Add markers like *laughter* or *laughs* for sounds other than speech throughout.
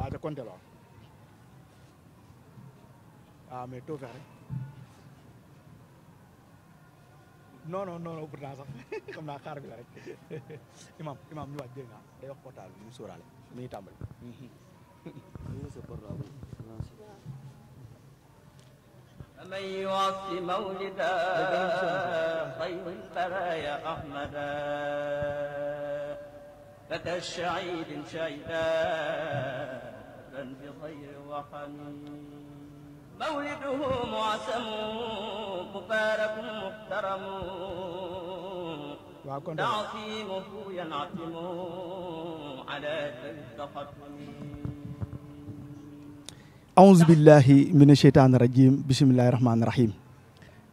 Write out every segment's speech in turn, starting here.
هذا كونت لا اميتو آه، فاري نو نو نو نو برنا صاف *laughs* كوم نا خار بي رك *laughs* امام امام ني واج دينا دا يوخ بوتال ني سورال ني تامل ني سو بر رابو من يعصي *laughs* مولدا طيب ترى يا احمد فتى الشعيد شيدا رغبا بغير وطن مولده معسم مبارك محترم تعظيمه ينعتم على تختم أعوذ بالله من الشيطان الرجيم بسم الله الرحمن الرحيم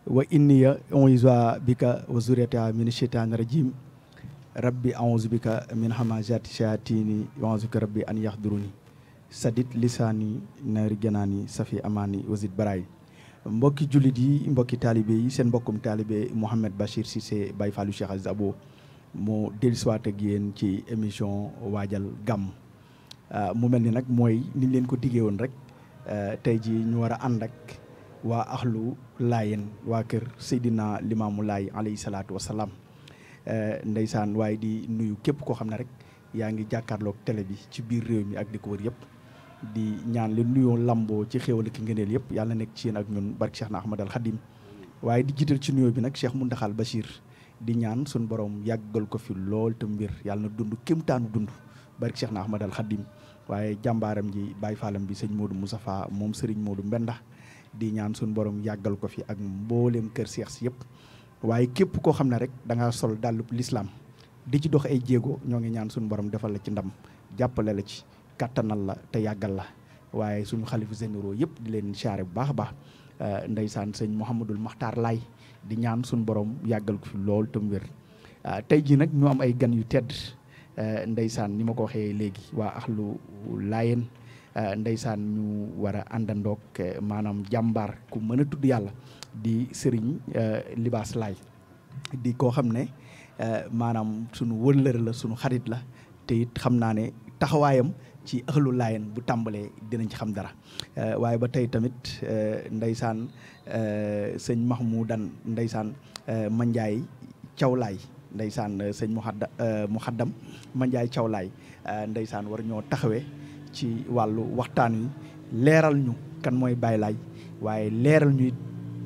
وإني أعوذ بك وزريتها من الشيطان الرجيم ربي أعوذ بك من همازات الشياطين وأعوذ بك ربي أن يحضروني sadit lisaani naari janaani safi amaani wasit baraay mbokki jullit yi mbokki taalibe yi seen mbokkum taalibe Mouhamed Bachir Cissé Baye Fallou Cheikh Aziz Abo moo dellusiwaat ak yéen ci émission waajal gàmm ah, mu mel ni nag mooy niñ leen ko diggee woon rek ah, tey ji ñu war a ànd ak waa axlu laayen waa kër Seydina Limaamu Laay alayhi salaatu wasalaam ah, ndeysaan waaye di nuyu képp koo xam ne rek yaa ngi jàkkaarloog télé bi ci biir réew mi ak di ko wër yëpp di ñaan li nuyoo lamboo ci xew xéwal ki ngëneel yëpp yàlla nekk ci yéen ak ñun barke Cheikh na Ahmad al Khadim waaye di jiital ci nuyoo bi nag Cheikh Mountakha Bachir di ñaan suñu borom yàggal ko fi lool te mbir yàlla na dund kéemtaanu dund barke Cheikh na Ahmad al waaye jàmbaaram ji Baye Fallam bi sëñ Modou Moustapha moom Serigne Modou Mbenda di ñaan suñu borom yàggal ko fi ak mbooleem kër Cheikh si yëpp waaye képp koo xam ne rek da ngaa sol dàllub lislaam di ci dox ay jéego ñoo ngi ñaan suñu borom defal la ci ndam jàppale la ci katanal la te yagal la waye suñu xalifu généraux yep di len xare bu baax baax eh, ndaysan seigne Makhtar lay di ñaan sun borom yagal ko fi lol tam wer eh, tay ji nak ñu am ay gan yu tedd eh, ndaysan ni ma ko waxee léegi waa axlu laayeen ndeysaan ñu wara andandok manam jambar ku meuna tuddu yalla di sëriñ libas lay. di ko xamne ne sunu wëllëre la sunu xarit la te it xamna ne taxawayam ci axlu laayen bu tàmbalee dinañ ci xam dara euh, waaye ba tey tamit euh, ndeysaan euh, sëñ max mu dan ndeysaan Mandiaye Cawlaay ndeysaan sëñ Mouhadda Mouhaddam Mandiaye Cawlaay ndeysaan war ñoo taxawee ci wàllu waxtaan wi leeral ñu kan mooy Baye waaye leeral ñu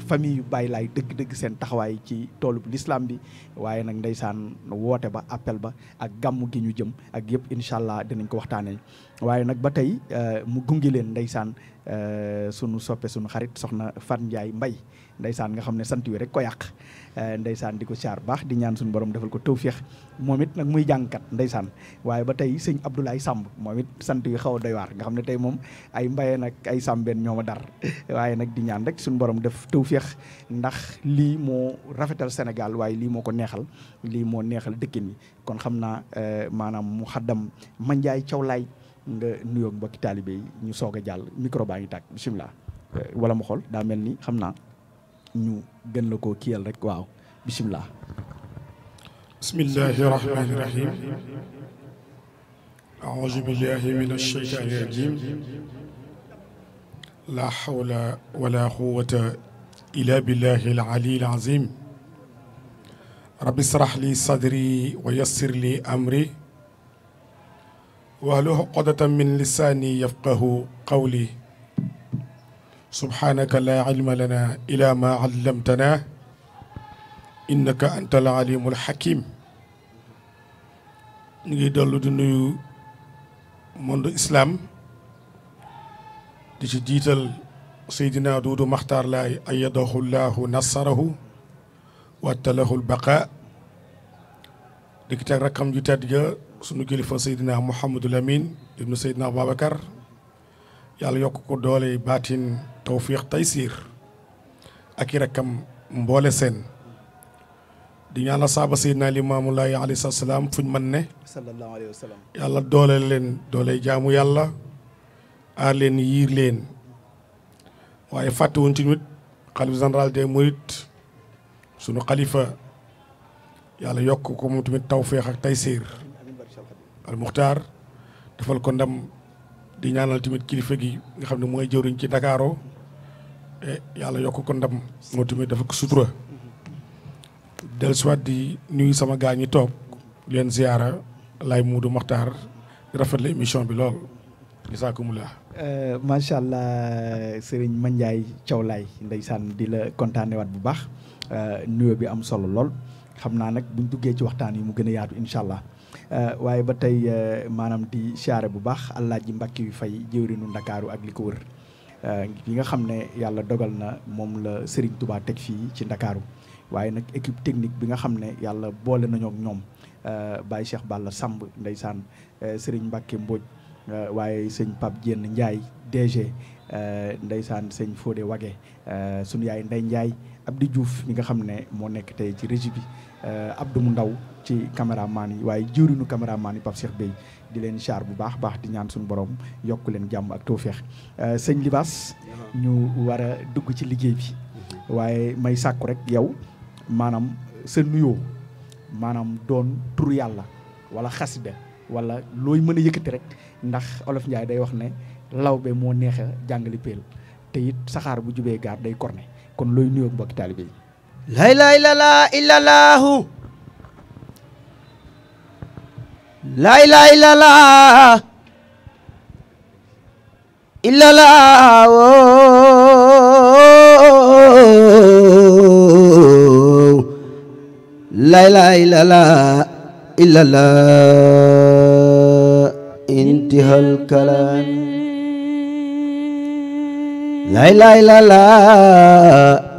famille yu bàyyi laay dëgg-dëgg seen taxawaay ci toolub l'islam bi waaye nag ndeysaan woote ba appel ba ak gàmm gi ñu jëm ak yëpp incha allah dinañ ko waxtaanee waaye nag ba tey euh, mu gunge leen ndeysaan euh, sunu soppe sunu xarit soxna Fat Ndiaye Mbay ndeysaan nga xam ne sant wi rek ko yàq Eh, ndeysaan di ko siyaar baax di ñaan suñu borom defal ko tawféex moom moomit nag muy jàngkat ndeysaan waaye ba tey sëñ Abdoulaye Samb moom it sant yu xaw a doy waar nga xam ne tey moom ay mbayeen ak ay sàmbeen ñoo ma dar waaye nag di ñaan rek suñu borom def tawféex ndax lii moo rafetal Sénégal waaye lii moo ko neexal lii moo neexal dëkkin yi kon xam naa eh, maanaam mu xaddam Mandiaye Thiaw Laye nga nuyoog mbokki taalibe yi ñu soog a jàll micro baa ngi tàkk bisimilah eh, wala mu xool mel ni xam naa ñu gën la koo kiyal rek waaw bismillahi rahmani rahim أعوذ بالله من الشيطان الرجيم لا حول ولا قوة إلا بالله العلي العظيم رب اشرح لي صدري ويسر لي أمري واهله عقدة من لساني يفقه قولي سبحانك لا علم لنا إلا ما علمتنا إنك أنت العليم الحكيم نجي دلو دي من موندو اسلام دي سي جيتال سيدنا دودو مختار لاي أيده الله نصره واتله البقاء دي كتاك رقم جي تاد سونو سيدنا محمد الامين ابن سيدنا ابو بكر yàlla yokk ko doole baatin tawfiix taysiir ak i rakkam mboole seen di ñaanal saaba seydina limaamu laahi alayhi salaam fuñ man ne sallallahu yàlla doole leen doole jaamu yàlla aar leen yiir leen waaye fàttewuñ ci nit xalif général des sunu xalifa yàlla yokk ko moom tamit ak taysiir al muxtaar defal ko ndam di ñaanal tamit kilifa gi nga xam ne mooy jëwriñ ci Ndakaaro e yàlla yokk ko ndam moo tamit dafa ko sutura del soit di nuyu sama gaa ñi toog leen ziyaara lay muudu maxtaar rafet la émission bi lool isaakumullah euh, macha allah sëriñ Mandiaye Thiaw Laye ndeysaan di la kontaane waat bu baax euh, nuyoo bi am solo lool xam naa nag buñ duggee ci waxtaan yi mu gën a yaatu incha allah Euh, waaye ba tey euh, maanaam di siyaare bu baax Alaaji Mbàkke Fay jëwrinu Ndakaaru ak li ko wër yi euh, nga xam ne yàlla dogal na moom la Serigne Touba teg fii ci Ndakaaru waaye nag équipe technique bi nga xam ne yàlla boole nañoo ak ñoom Baye Cheikh Balla Samb ndeysaan Serigne Mbàkke Mbóoj waaye sëñ Pape Diène Ndiaye DG Euh, ndeysaan sëñ foode Wage euh, sunu yaay Ndey Ndiaye Abdou Diouf mi nga xam ne moo nekk te ci régie bi euh, Abdou mu ndaw ci caméraman yi waaye jëwriñu caméraman maani Pape Cheikh Bey di leen char bu baax baax di ñaan suñu borom yokk leen jàmm ak tawféex sëñ Libaas ñu war a dugg ci liggéey bi waaye may sàkku rek yow maanaam sa nuyoo maanaam doon tur yàlla wala xasida wala looy mën a yëkkati rek ndax olof Ndiaye day wax ne lawbe moo neex a jàngali peel te saxaar bu jubee gaar day korne kon looy nuyoog mbokki taalibe yi laa ilaaha illallaah laa ilaaha laa ilaaha illallaah illallaahu la ilaha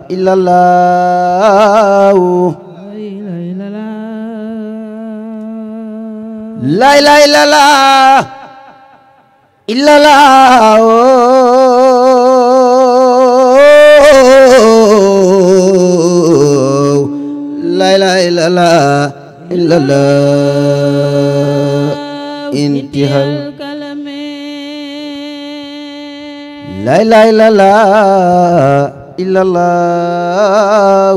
illallah la ilaha illallah illallah la ilaha illallah intiha la ilaha illallah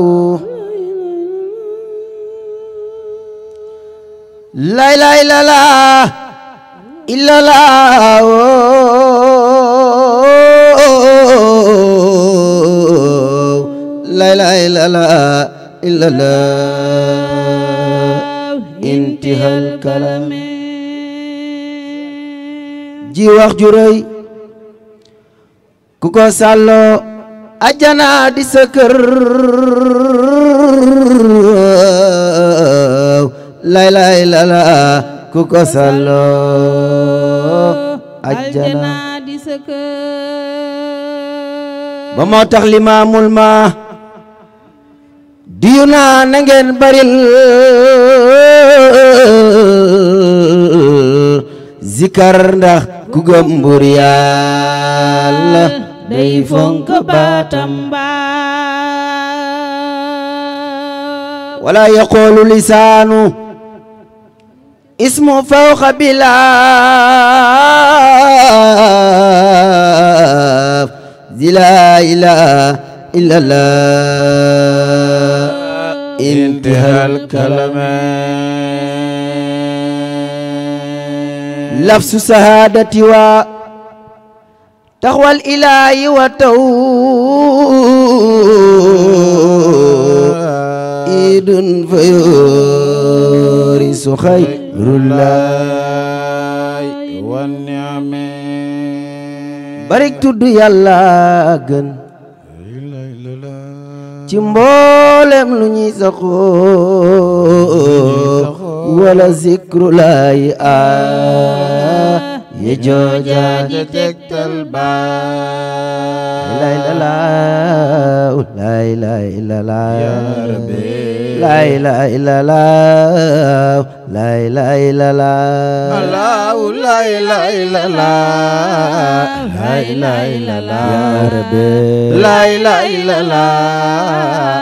la ilaha illallah la ilaha illallah intihal kalam ji wax ju ku ko sàlloo ajana di sa lay lay lala ku ko sàlloo ajana di sa ba moo tax limaamul ma diyu naa baril zikar ndax ku gëm day funk batamba ولا يقول لسانه اسمه فوق بلا لا اله الا الله انتهى الكلام لفظ سهادتي و taxwal ilahi wa taw idun fayuri sukhay xayrullaay wa niame barik tudd yàlla gën ci mboolem lu ñuy saxoo wala zikru laay a ye الباب لا إله إلا الله يا ربي لا إله إلا الله لا إله إلا الله لا إله إلا الله لا إله إلا الله يا ربي لا إله إلا الله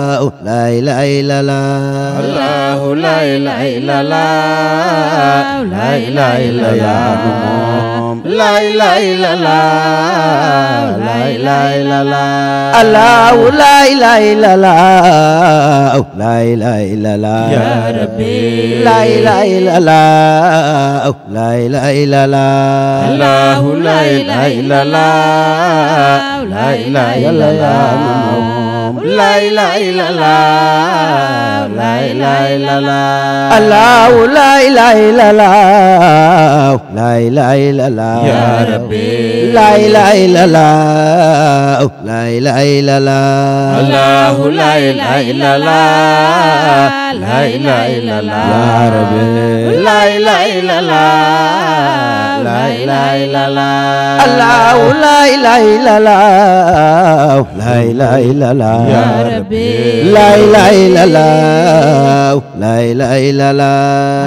لا إله إلا الله الله لا إله إلا الله لا إله إلا الله لا إله إلا الله لا إله إلا الله الله لا إله إلا الله لا إله إلا الله يا ربي لا إله إلا الله لا إله إلا الله الله لا إله إلا الله لا إله إلا الله لا إله إلا الله لا إله إلا الله الله لا إله إلا الله لا إله إلا الله يا ربي لا إله إلا الله la ilaha illallah Allahu la ilaha illallah la la ilaha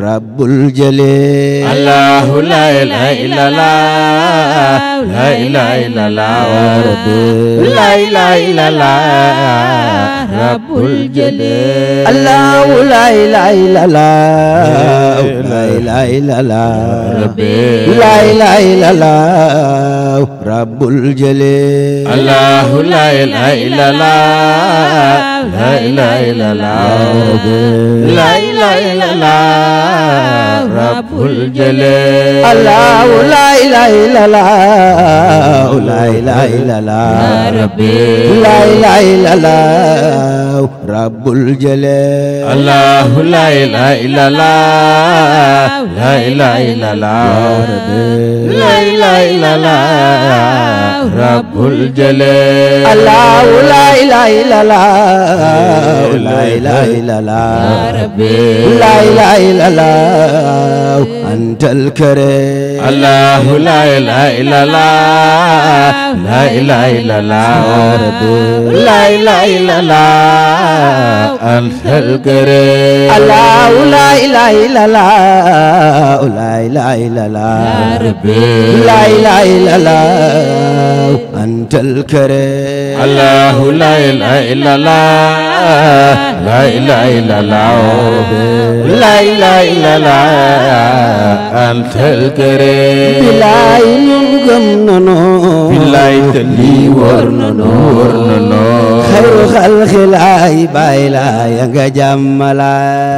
rabbul jalil allahu la ilaha illallah la ilaha illallah la ilaha illallah rabbul jalil allahu la ilaha illallah la ilaha illallah la ilaha illallah الا जले अलाह لا भुले الا भुलाई rabbul jalal allahu la ilaha illallah la ilaha illallah la ilaha illallah rabbul jalal allahu la ilaha illallah la ilaha illallah rabbi la ilaha illallah antal karim الله لا إله إلا الله لا إله إلا الله لا إله إلا الله أنت الكريم الله لا إله إلا الله لا إله إلا الله لا إله إلا الله أنت الكريم الله لا إله إلا الله لا إله إلا الله لا إله إلا الله أنت الكريم بلاي ينقم ننور بلاي تلي ورنور ننور خير خلق العاي باي لا ينقى جملا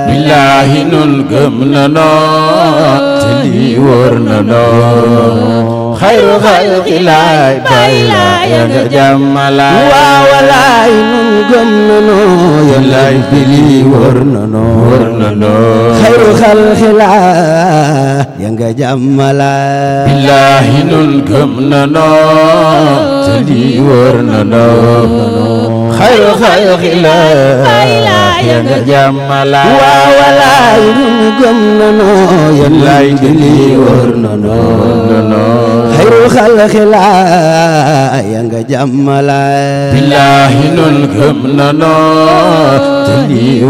بلاي ينقم ننور تلي ورنور xayru xalqi laay bay laay nga jàmmalaay waa walaay nun gëm nanoo yéen laay fili wër nanoo wër nanoo xayru xalqi waa walaay nun gëm nanoo xayru xalqi nga jàmmalaay billaahi nun gëm nanoo te lii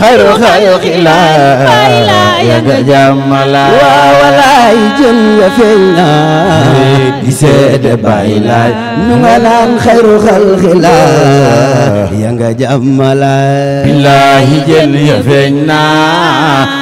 xayru xalqi laa ya nga jàmmalaay nga jàmmalaay billaahi jëm ya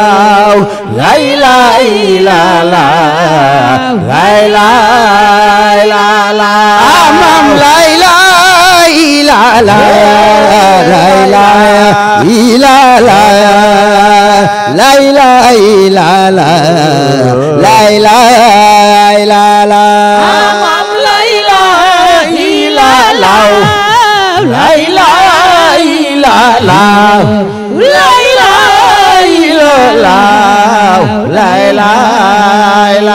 lay lay la la lay lay la la maam lay lay la la lay lay la la lay lay la la lay lay la la maam lay lay la la lay lay la la lay lay la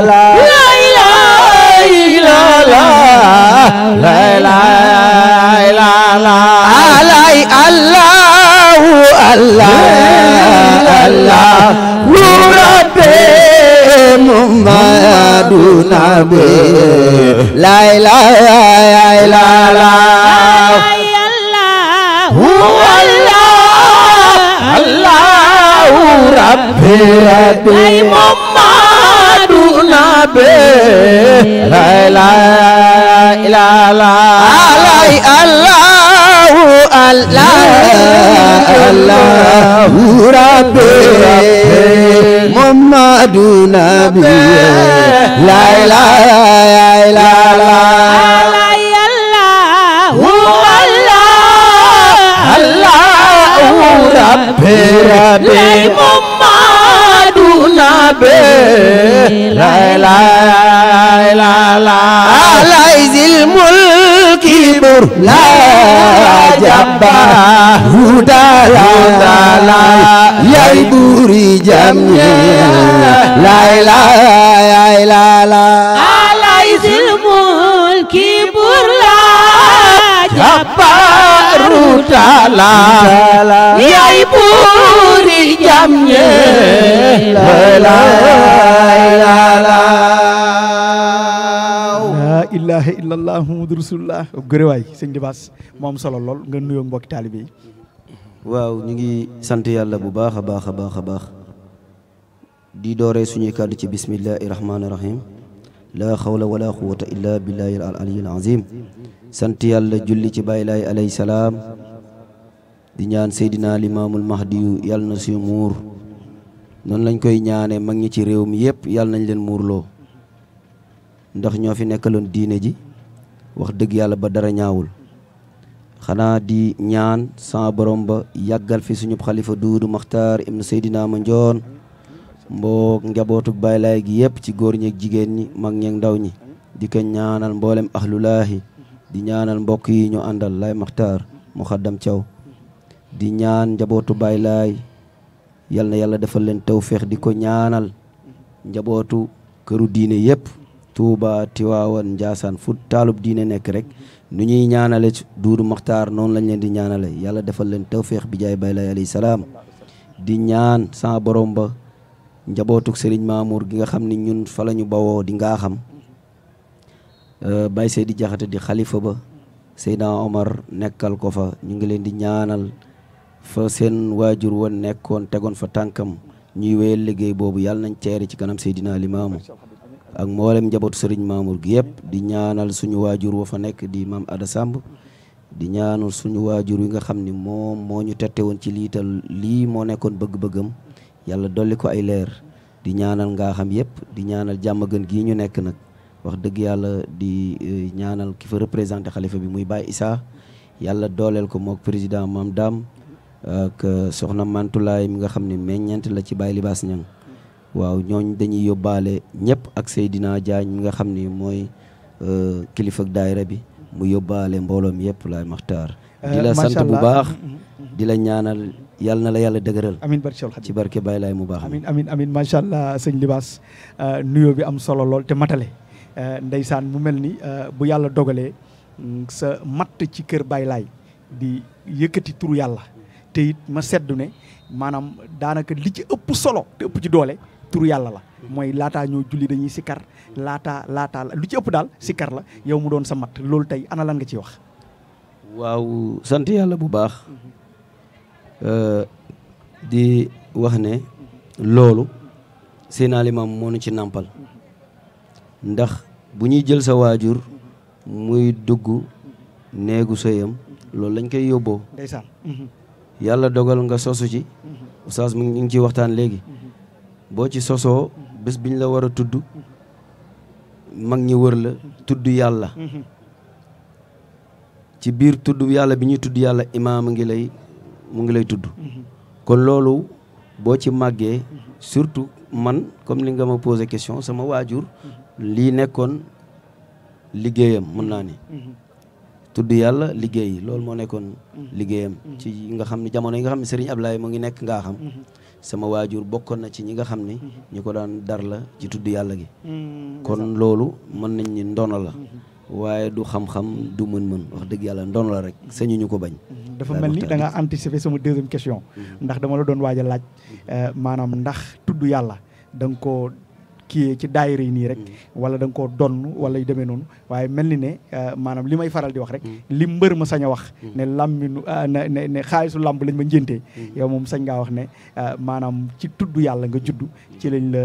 la لا لا لا لا علي الله الله الله ربي محمد نبي لا إله إلا الله الله ربي ربي محمد نبي لا إله إله لا الله الله الله ربي محمد نبي لا إله إلا الله ربي ربي محمد نبي لا إله إلا الله ذي الملك بر لا جبار هدى لا لا يا البوري جميع لا لا يا لا لا على ذي الملك بر لا جبار هدى لا يا البوري جميع لا لا لا ilaha illallah muhammadu rasulullah gërëwaay moom solo lool nga nuyoo mbokki taalibe yi waaw ñu ngi sant yàlla bu baax a baax a baax a baax di dooree suñuy kàddu ci bismillahi rahmaani rahim la xawla wala quwata illa billahi al aliyil azim sant yàlla julli ci bàyyi laay alayhi salaam di ñaan seydina limaamul mahdiyu yàlla na suñu muur noonu lañ koy ñaane mag ñi ci réew mi yëpp yàlla nañ leen muurloo ndax ño fi nekkaloon diine ji wax dëgg yàlla ba dara ñaawul xanaa di ñaan sa borom ba yàggal fi suñu xalifa duudu maxtaar ibnu sayidina ma njoon mboo njabootu baylaay gi yépp ci góor ñeeg jigéen ñi mag ñeeg ndaw ñi di ko ñaanal mboolem ahlulaahi di ñaanal mbokk yi ñu àndal lay maxtaar mu xaddam caw di ñaan njabootu baylaay yal na yàlla defal leen tawféex di ko ñaanal njabootu këru diine yépp Touba Tiwaawan Njaasaan fu taalub diine nekk rek nu ñuy ñaanale Duudu Maxtaar noonu lañ leen di ñaanale yàlla defal leen tawféex bi jaay bay lay alayhi salaam di ñaan sa borom ba njabootug Serigne Mamour gi nga xam ni ñun fa la ñu bawoo di ngaa xam euh, Baye Seydi Jaxate di xalifa ba Seydina Omar nekkal ko fa ñu ngi leen di ñaanal fa seen waajur woon nekkoon tegoon fa tànkam ñuy wéyal liggéey boobu yàlla nañ teeri ci kanam Seydina Limaamu ak mbollem njabootu serigne Mamour gi yep di ñaanal suñu wajur wa fa nek di mam Ada Samb di ñaanal suñu wajur yi nga xamni mom moñu tété won ci lital li mo nekkon bëgg-bëggam yalla doli ko ay leer di ñaanal nga xam yep di ñaanal jamm gën gi ñu nek nak wax dëgg yalla di e, ñaanal ki fa représenté xalifa bi muy Baye isa yalla dolel ko mok président mam dam ak e, soxna mantoulay mi nga xamni ne la ci Baye libas ñang waaw ñooñ dañuy yóbbaale ñëpp ak Seydina Diagne mi nga xam ni mooy euh, kilifa ak daayira bi mu yóbbaale mbooloo mi yëpp laay maxtaar euh, di sant bu baax mm-hmm, mm-hmm. di la ñaanal yàlla na la yàlla dëgëral amin barke ci barke Baay Laay mu baax amin amin amin macha allah sëñ libaas euh, nuyoo bi am solo lool te matale ndeysaan mu mel ni bu yàlla dogalee mm, sa matt ci kër baylaay di yëkkati turu yàlla te it ma seddu ne maanaam daanaka li ci ëpp solo te ëpp ci doole tur yàlla la mooy laataa ñoo julli dañuy kar laataa laataa lu ci ëpp daal kar la yow mu doon sa mat loolu tey ana lan nga ciy wax waaw sant yàlla bu baax euh, di wax ne loolu Seydina Limaamu moo nu ci nàmpal ndax bu ñuy jël sa waajur muy dugg néegu sëyam loolu lañ koy yóbboo ndeysaan yàlla dogal nga sosu ci mm-hmm. oustaz mu ngi ci waxtaan léegi mm-hmm. bo ci sosoo bes biñ la wara a tudd mag ñi wër la tudd yalla ci bir tudd yalla biñu ñuy tudd yàlla imaam ngi lay mu ngi lay tudd kon lolu bo ci màggee surtout man comme li nga ma poser question sama wajur li nekkon liggéeyam mën na ni tudd yalla liggéey loolu mo nekkon liggéeyam ci nga xamni jamono yi nga xamni Serigne Ablaye mo ngi nekk nga xam sama waajur bokkoon na ci ñi nga xam ni mhm. ñu ko daan dar la ci tudd yàlla gi mm, kon loolu mën nañ ni ndono la mhm. waaye du xam-xam du mën-mën wax dëgg yàlla ndono la rek mhm. sañu ñu ko bañ dafa mel ni da nga anticiper sama deuxième question ndax dama la doon waaj a laaj eh, maanaam ndax tudd yàlla da ko kii ci daayira yi nii rek mm. wala da nga koo donn wala yu demee noonu waaye mel ni ne euh, maanaam li may faral di wax rek mm. lim mbër ma sañ a wax mm. ne làmminu euh, ne ne ne xaalisu làmb lañ ma njéntee yow moom sañ ngaa wax ne euh, maanaam ci tudd yàlla nga judd ci lañ la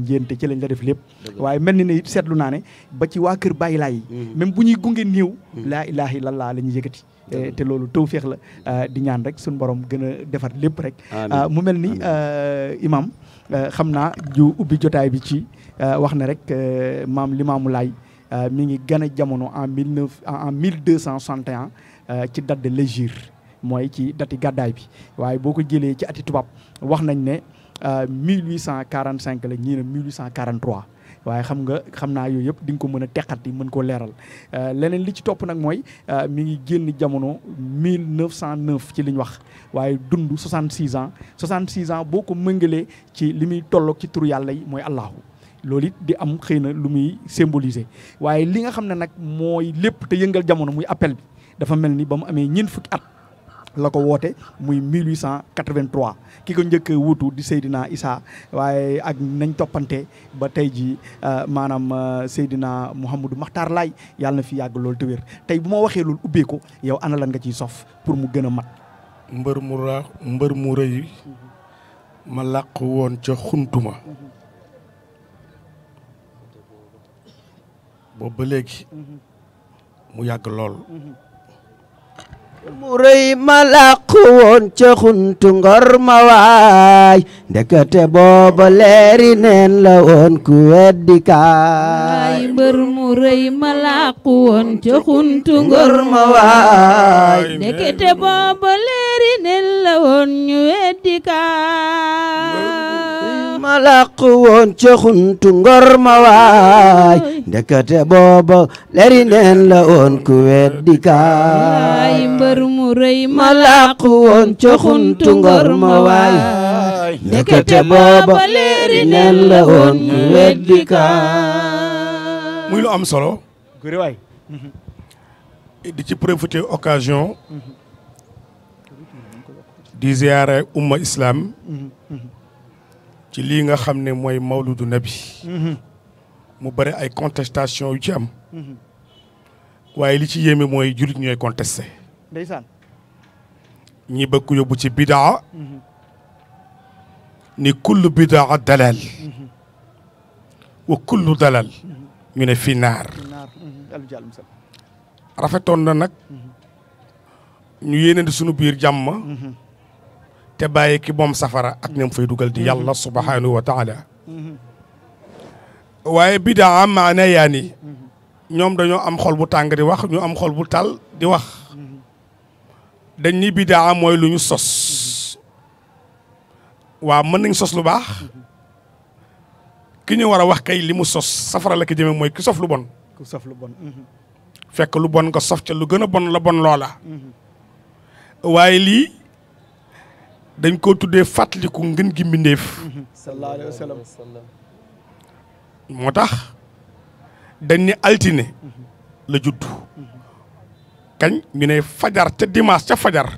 njénte ci lañ la def lépp waaye mel ni ne it seetlu naa ne ba ci waa kër bàyyi laay yi même bu ñuy gunge néew laa ilaaha illallah la ñuy yëkkati eh, te loolu tawféex la di ñaan rek suñu borom gën a defar lépp rek mu mel ni imam Euh, xam naa ju ubbi jotaay bi ci euh, wax na rek euh, maam Limaamu Laay mi ngi gën a jamono en mille neuf en mille deux cent soixante et un ci date de l'hégire mooy ci dati gàddaay bi waaye boo ko jëlee ci ati tubaab wax nañ ne mille huit cent quarante cinq la ñii ne mille huit waaye xam nga xam naa yooyu yëpp di nga ko mën a teqat yi mën koo leeral euh, leneen li ci topp nag mooy euh, mi ngi génn jamono 1909 ci li ñu wax waaye dund 66 ans 66 ans boo ko mëngalee ci li muy tolloog ci turu yàlla yi mooy allahu loolu it di am xëy na lu muy symboliser waaye li nga xam ne nag mooy lépp te yëngal jamono muy appel bi dafa mel ni ba mu amee ñeent fukki at la ko woote muy 1883 ki ko njëkk wutu di Seydina Issa waaye ak nañ toppante ba tey jii euh, maanaam euh, Seydina Mouhamadou Makhtar Laay yàlla na fi yàgg loolu te tey bu ma waxee loolu ubbee yow ana lan nga ciy sof pour mu gën a mat. mbër mu ra mbër mu rëy ma làq woon ca xuntuma boobu ba léegi mu yàgg lool. Mm-hmm. mu rëy ma làq woon ca xuntu ngor ma waay ndekete booba leeri neen la woon ku weddi mbër mu rëy ma làq woon ca ngor ma waay ma làq woon ca xuntu ndekete booba leri neen la woon ku weddi mbër mu rëy ma làq woon ca xuntu ndekete booba leri neen la woon ku weddi am solo di ci profiter ci lii nga xam ne mooy mawludu nabi mm-hmm. mu bëri ay contestation yu ci am mm-hmm. waaye li ci yéeme mooy jullit ñooy contesté ndeysaan ñi bëgg ko yóbbu ci bidaa mm-hmm. ni kullu bidaa dalal wa kullu dalal ñu ne fi naar rafetoon na nag ñu yéeneen sunu biir jàmm te bàyyi ki moom safara ak ñam fay dugal di yàlla mm-hmm. subhanahu wa taala mm-hmm. waaye bidaa maana yaa ni mm-hmm. ñoom dañoo am xol bu tàng di wax ñoo am xol bu tal di wax dañ ni bidaa mooy lu ñu sos waa mën nañ sos lu baax ki ñu war a wax kay li mu sos safara la ki mooy ki sof lu bon ku sof fekk lu bon nga sof ca lu gën a bon la bon loola waaye lii dañ ko tuddee fàttaliku ngën gi mbindéef sallallahu moo tax dañ ni altine la judd kañ ñu ne fajar ca dimanche ca fajar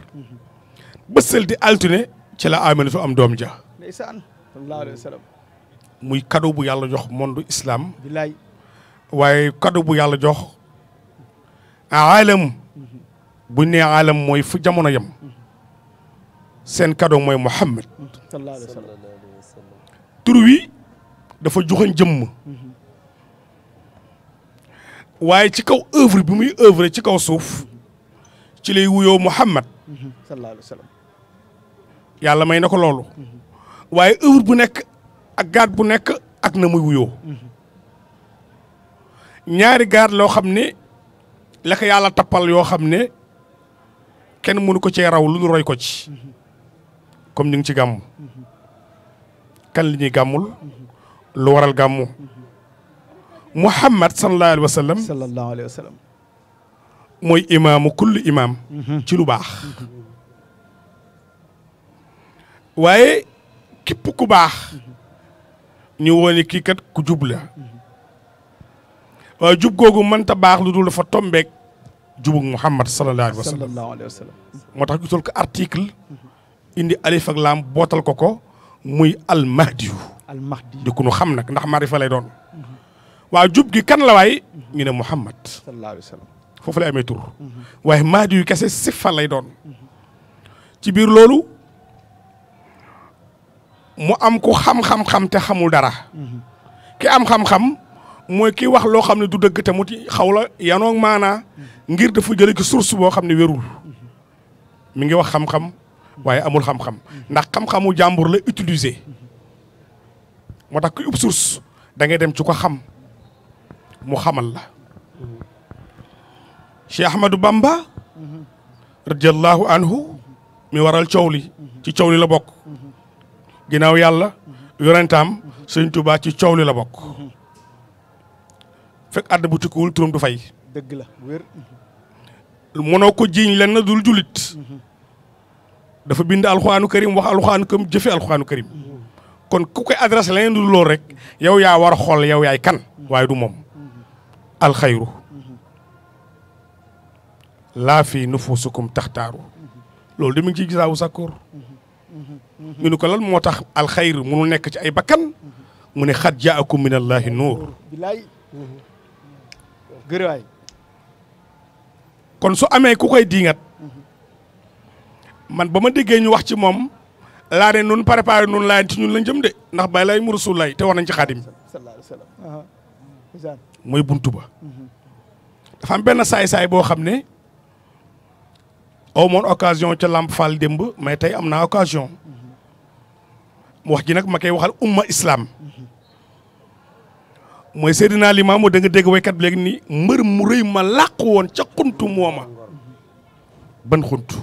bësal di altine ci la Aminatu am doom ja muy cadeau bu yàlla jox mondu islam waaye cadeau bu yàlla jox aalam mhm. bu ñu nee mooy fu jamono yem mhm. seen cadeau mooy Mouhamed tur wi dafa joxoon jëmm waaye ci kaw œuvre bi muy œuvre ci kaw suuf ci lay wuyoo Mouhamed yàlla may na ko loolu waaye œuvre bu nekk ak gaat bu nekk ak na muy wuyoo ñaari gaat loo xam ne la ko yàlla tappal yoo xam ne kenn mënu ko cee raw lu roy ko ci comme ñu ngi ci gàmm kan li ñuy gàmmul lu waral gàmmu muhammad sallallahu alayhi wa sallam sallallahu alayhi wa sallam mooy imaamu kulli imaam ci lu baax waaye képp ku baax ñu woone kii kat ku jub la waaye jub googu mënta baax lu dul dafa tombeek jubug muhammad sallallahu alayhi wa sallam moo tax gisal ko article indi alif ak laam bootal ko ko muy almahdiyu almahdi di ku xam nag ndax maarifa lay doon waaw jub gi kan la waay ñu ne muhammad sallallahu alayhi wa sallam foofu lay amee tur mhm. waaye mahdi yu kese lay doon ci biir loolu mu am ku xam-xam-xam te xamul dara mhm. ki am xam-xam mooy ki wax loo xam ne du dëgg te mu ci xaw la yanoog maanaa mhm. ngir dafa jële ci source boo xam ne wérul mu ngi wax xam-xam waaye amul xam-xam ndax xam-xamu jàmbur la utiliser moo takk ku ub source da ngay dem ci ko xam mu xamal la Cheikh Ahmadou Bamba radiallahu anhu mi waral coow li ci coow li la bokk ginnaaw yàlla yonentaam sëñ Tuubaa ci coow li la bokk fekk àdd bu tukkiwul turam du fay dëgg la mënoo ko jiiñ lenn dul julit dafa bind alxuraanu karim wax alxuraanu karim jëfe alxuraanu karim kon ku koy adressé leneen du loolu rek yow yaa war a xool yow yaay kan waaye du moom alxayru laa fi nufusukum taxtaaru loolu de mu ngi ciy gisaawu sakkoor ñu ne ko lan moo tax alxayr munu nekk ci ay bakkan mu ne xat jaakum min allahi nuur kon su amee ku koy diingat man ba ma déggee ñu wax ci moom laa ne nun préparé nun laa ci ñun lañ jëm de ndax bay lay mu rasul lay te wax nañ ci xaadim mooy buntu ba mhm. dafa benn saay-saay boo xam ne aw moon occasion ca Lamp Fall démb mais tey am naa occasion mhm. wax ji nag ma koy waxal umma islaam mooy Seydina Limaamu da nga dégg waykat bi léegi nii mbër mu rëy ma làqu woon ca xuntu mooma mhm. ban xuntu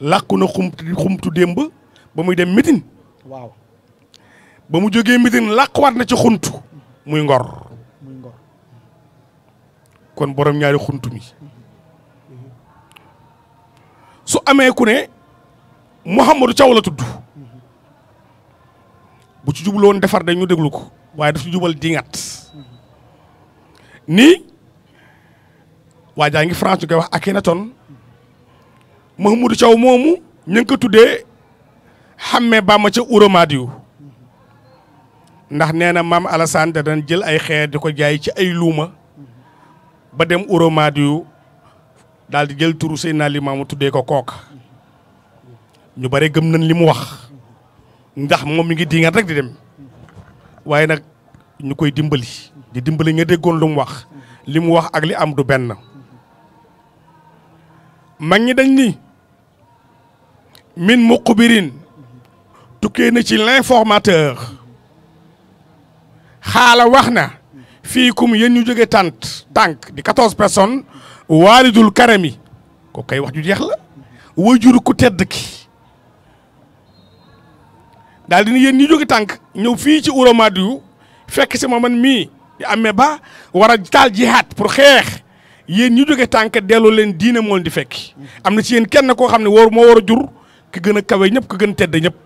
làkku na xumtu xumtu démb ba muy dem mitin waaw ba mu jógee mitin làkkuwaat na ci xuntu muy ngor muy ngor kon borom ñaari xuntu mi su amee ku ne Mouhamadou Thiaw la tudd bu ci jubloon defar dañu déglu ko waaye daf ci jubal dingat ni waa jaa ngi France ñu koy wax Akhenaton Mahmoudou chaw momu ñu ko tuddé xamé ba ma ci ouromadiou ndax néna mam Alassane da dañ jël ay xéer di jaay ci ay luma ba dem ouromadiou dal di jël turu Seydina mamou tuddé ko kok ñu bari gëm nañ limu wax ndax mom ngi dingat rek di dem waaye nyukoi ñu koy dimbali di dimbali nga déggon lu mu wax limu wax ak li am du ben mag dañ ni min muqbirin tukkee na ci l'informateur xaala wax na fii kum yéen ñu jóge tànt tànk di person personnes waalidul karami ko kay wax ju jeex la wajur ku tedd ki daal dina yéen ñu jóge tànk ñëw fii ci uramadu yu fekk si ma man mii di amee ba war a taal jihaat pour xeex yéen ñu jóge tànk delloo leen diine moon di fekk am na ci yéen kenn koo xam ne war moo war a jur ki gën a kawe ñëpp ki gën tedd ñëpp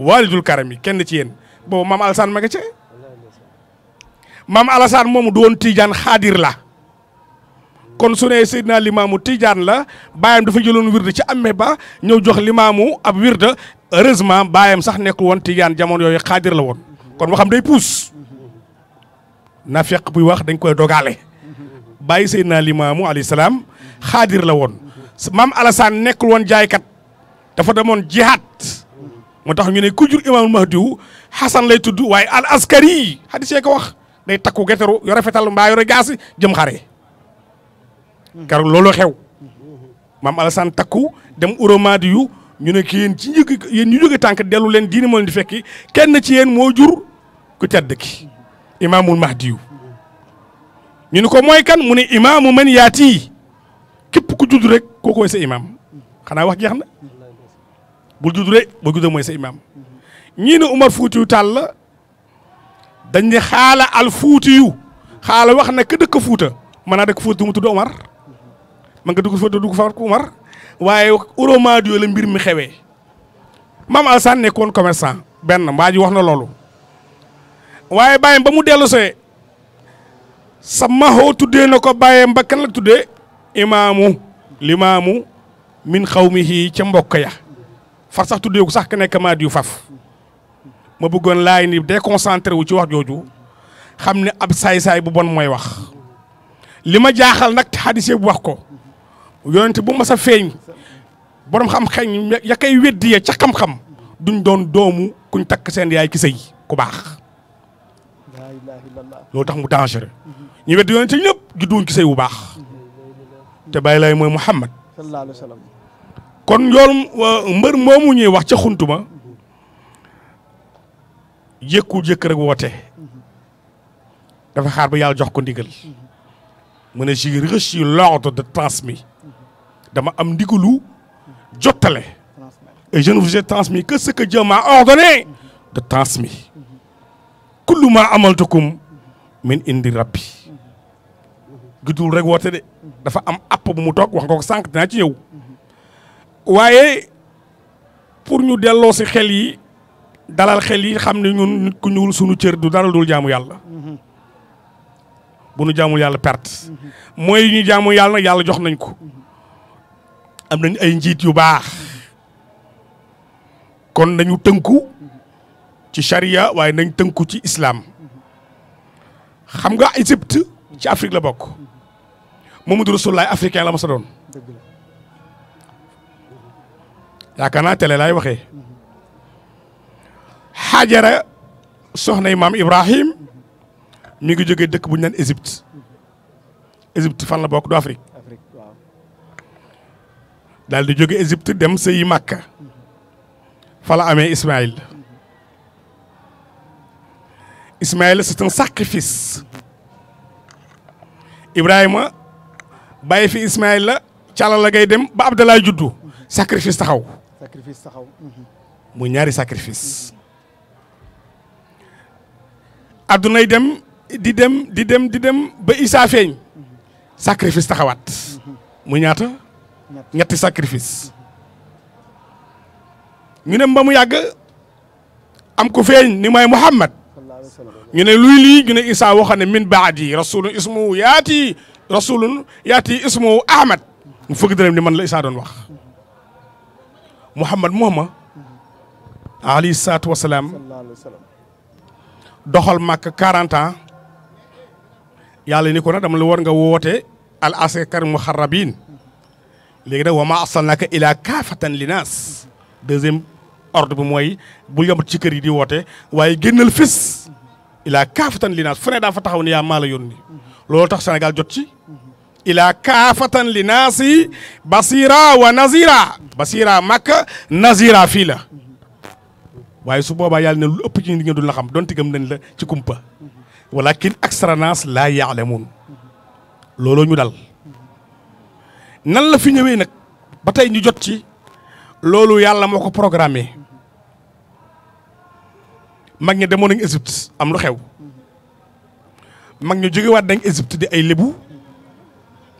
waalidul karam yi kenn ci yéen boobu maam Alassane ma nga ci maam Alassane moomu du woon Tidiane xaadir la kon su ne Seydina Limaamu Tidiane la baayam dafa jëloon wirde ci amee ba ñëw jox Limaamu ab wirde heureusement baayam sax nekkul woon Tidiane jamono yooyu xaadir la woon kon waxam day puus naafeq buy wax dañ koy dogaale bàyyi Seydina Limaamu alayhi salaam xaadir la woon maam Alassane nekkul woon jaaykat. dafa demoon jihaat moo tax ñu ne ku jur imaamul mahdiw xasan lay tudd waaye al askari hadis yee ko wax day takku geteru yore fetal mbaa yore gaasi jëm xare kar loolu xew maam Alassane takku dem uromadi ñu ne kii yéen ci njëkk yéen ñu jóge tànk dellu leen diini moo leen di fekki kenn ci yéen moo jur ku tedd ki imaamul mahdiw ñu ne ko mooy kan mu ne imaamu man yaati képp ku judd rek kooku sa imaam xanaa wax jeex na bu juddu de boo mooy sa imaam ñii ne Umar Fuutiyu Taal la dañ ne xaala al Fuutiyu xaala wax na ka dëkk Fuuta mën naa dëkk Fuuta mu Umar man nga dugg Fuuta dugg fa Umar waaye Romadio la mbir mi xewee maam Alsaan nekkoon commerçant benn mbaa ji wax na loolu waaye bàyyam ba mu dellu see sa mahoo tuddee na ko bay ba kan la tuddee imaamu limaamu min xawmihi ca mbokk ya fa sax tuddee ko sax ke nek maat faf ma bëggoon laay ni déconcentré wu ci wax jooju xam ab saay-saay bu bon mooy wax li jaaxal nag te bu wax ko yonente bu mas a feeñ borom xam xeñ ya koy weddi ya ca xam-xam duñ doon doomu kuñ takk seen yaay ki sëy ku baax loolu tax mu dangereux ñu weddi yonente ñëpp judduwuñ ki sëy bu baax te bàyyi laay mooy Muhammad sallallahu alayhi wa kon yoolu mbër moomu ñuy wax ca xuntuma jékku jékk rek woote dafa xaar ba yàlla jox ko ndigal mu ne j'ai reçu l'ordre de transmis dama am ndigalu jottale et je ne vous transmis que ce que Dieu m'a ordonné de transmis kullu ma amaltukum min indi rabbi gidul rek woote de dafa am app bu mu toog wax nga ko sànq dinaa ci ñëw waaye pour ñu delloo si xel yi dalal xel yi xam ne ñun nit ku ñuul suñu cër du dara dul jaamu yàlla bu nu jaamul yàlla perte mooy ñu jaamu yàlla yàlla jox nañ ko am nañ ay njiit yu baax kon nañu tënku ci charia waaye nañ tënku ci islaam xam nga Égypte ci Afrique la bokk Mamadou Rasulullaay africain la ma sa doon لا يكون هناك حجر صحن امام ابراهيم ميغي جوغي دك بو نان ايجيبت ايجيبت فان لا بوك دو افريك افريك واو دال دي جوغي ايجيبت ديم سي مكه فلا امي اسماعيل اسماعيل سي تان ساكريفيس ابراهيم باي في اسماعيل لا تيالا لا جاي ديم با عبد الله جودو ساكريفيس تخاو sacrifice taxaw. ñaari sacrifice. addunay dem di dem di dem di dem ba Isaa feeñ. sacrifice taxawaat. mu ñaata. ñetti sacrifice. ñu ne ba mu yàgg am ku feeñ ni mooy Muhammad ñu ne luy lii ñu ne Isaa waxoon ne min baadi rasulun ismuhu yaati rasulun yaati ismuhu Ahmad mu fëgg dërëm ni man la Isaa doon wax. Muhammad Muhammad alayhi salaatu wasalaam doxal màkk 40 ans yàlla ni ko nag dama la nga woote al askar muharrabin léegi nag wa ma ila kaafatan linas deuxième ordre bi mooy bul yombat ci kër yi di woote waaye génnal fés ila kaafatan linas fu ne daa fa taxaw ne yaa maa la yónni tax Sénégal jot ci ila kaafatan li naasi basira wa nazira basira makka nazira fii la waaye su boobaa yàlla ne lu ëpp ci li nga dul la xam donte gëm nañ la ci kumpa walakin aksara naas laa yaalamuun looloo ñu dal nan la fi ñëwee nag ba tey ñu jot ci loolu yàlla moo ko programmé mag ñi demoon nañ Égypte am lu xew mag ñu jógewaat dañ Égypte di ay lébu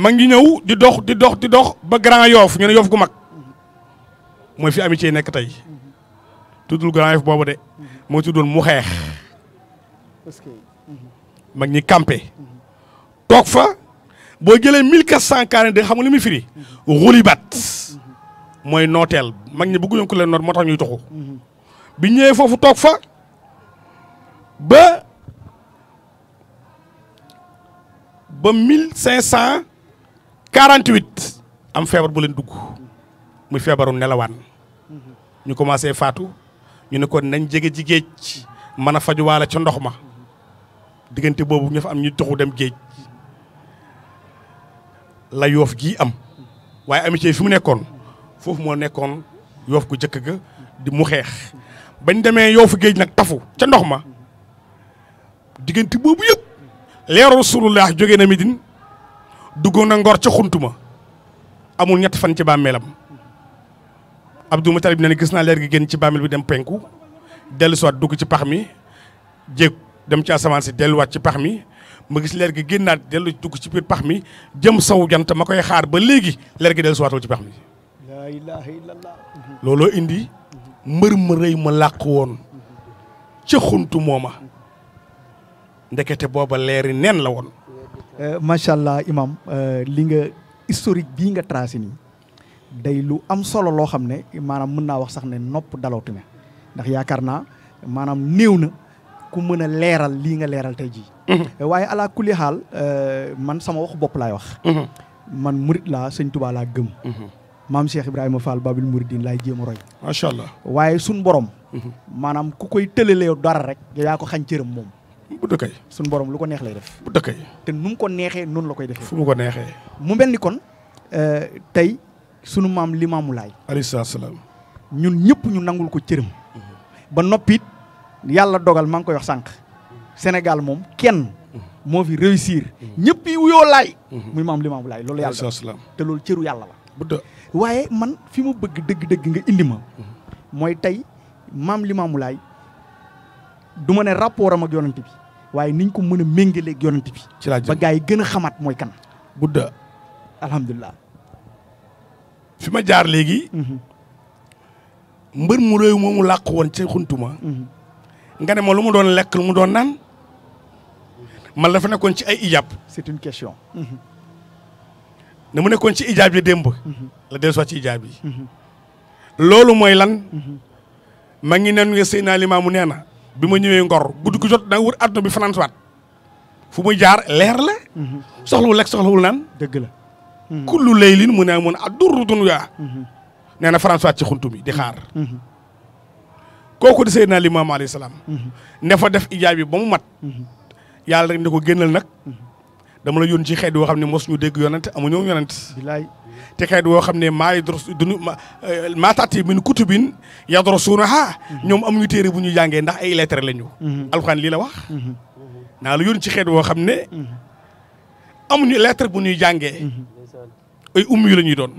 mangi ñew di dox di dox di dox ba Grand Yoff ñu gu mag moy fi amitié nekk tay tudul Grand Yoff bobu de suis tudul mu que mag ñi campé tok fa suis 1442 xam nga suis firi moy notel mag ñi ñu ko leen nor ñuy bi fa ba ba 48 am feebar bu leen dugg muy feebaru nelawaan ñu commencé faatu ñu nekkoon nañ jege ji géej mën a fajuwaale ca ndox ma diggante boobu ñu fa am ñu toxu dem géej la yoof gi am waaye amitié fi mu nekkoon foofu moo nekkoon yoof gu jëkk ga di mu xeex bañ demee yoofu géej nag tafu ca ndox ma diggante boobu yëpp leeru rasulullah jógee na Medine duggoon na ngor ca xuntuma amul ñett fan ci bàmmeelam Abdou Moutalib ne ni gis naa leer gi génn ci bàmmeel bi dem penku dellu siwaat dugg ci pax mi jéeg dem ci asamaan si delluwaat ci pax mi ma gis leer gi génnaat dellu dugg ci biir pax mi jëm saw jant ma koy xaar ba léegi leer gi dellu siwaatul ci pax mi looloo indi mbër ma ma làq woon ci xuntu mooma ndekete booba leeri nen la woon Euh, macha allah imam euh, li nga historique bii nga tracé nii day lu am solo loo xam ne maanaam mën naa wax sax ne nopp dalootu na ndax yaakaar naa maanaam néew na ku mën a leeral lii nga leeral tey jii. Mhm. waaye ala kulli xaal euh, man sama wax bopp laay wax. Mhm. man murit laa sëñ Tuubaa laa gëm. Mhm. maam Cheikh Ibrahima Fall Babil Mouridine laay jéem a roy. macha allah waaye sunu borom. maanaam ku koy tëlaleew dara rek. yaa xañ cëram moom. bu dëkkay suñu borom lu ko neex lay def. bu dëkkay te nu mu ko neexee noonu la koy defee. fu mu ko neexee. mu mel ni kon euh, tey sunu maam Limaamu Laay. salaam. ñun ñëpp ñu nangul ko cërëm. ba noppit yàlla dogal maa ngi koy wax sànq. Sénégal moom kenn. moo fi réussir. ñëpp yi wuyoo laay. muy maam Limaamu Laay loolu yàlla. alayhi salaam te loolu cëru yàlla la. bu waaye man fi mu bëgg dëgg-dëgg nga indi ma. mooy tey maam Limaamu Laay du ne rapport am ak yonent bi. waaye niñ ko mën a méngaleeg yonent bi. ci laa ba gars yi gën a xamaat mooy kan. Bouddha. alhamdulilah. fi ma jaar léegi. Mhm. mbër mu réew moomu làq woon ca xuntuma. Mhm. nga ne ma lu mu doon lekk lu mu doon nan man la dafa nekkoon ci ay ijab. c'est une question. Mhm. ne mu nekkoon ci ijab yi démb. la dellusiwaat ci ijab loolu mooy lan. ma ngi nen naa Seydina Limaamu nee na. bi ma ñëwee Ngor guddi gu jot danga wër àdduna bi fanaan waat fu muy jaar leer la. soxlawul lekk soxlawul naan. dëgg la. kullu laylin mu ne mun addurru dunya nee na France waat ci xuntu bi di xaar. kooku di Seydina Limaamu alayhi salaam. ne fa def ijaab bi ba mu mat. yàlla rek ne ko génnal nag. dama la yoon ci xeet yoo xam ne mos ñu dégg yonent amuñu yonent. bilaay. te xeet woo xam ne maa yadrus dunu eh, maa taati min kutubin yadrusunaha ñoom amuñu téere bu ñu jàngee ndax ay lettre lañu. Mhm. alxuraan lii la wax. Mhm. naa la yónni ci xeet woo xam ne. Mhm. amuñu lettre bu ñuy jàngee. ay ummi yu la ñuy doon.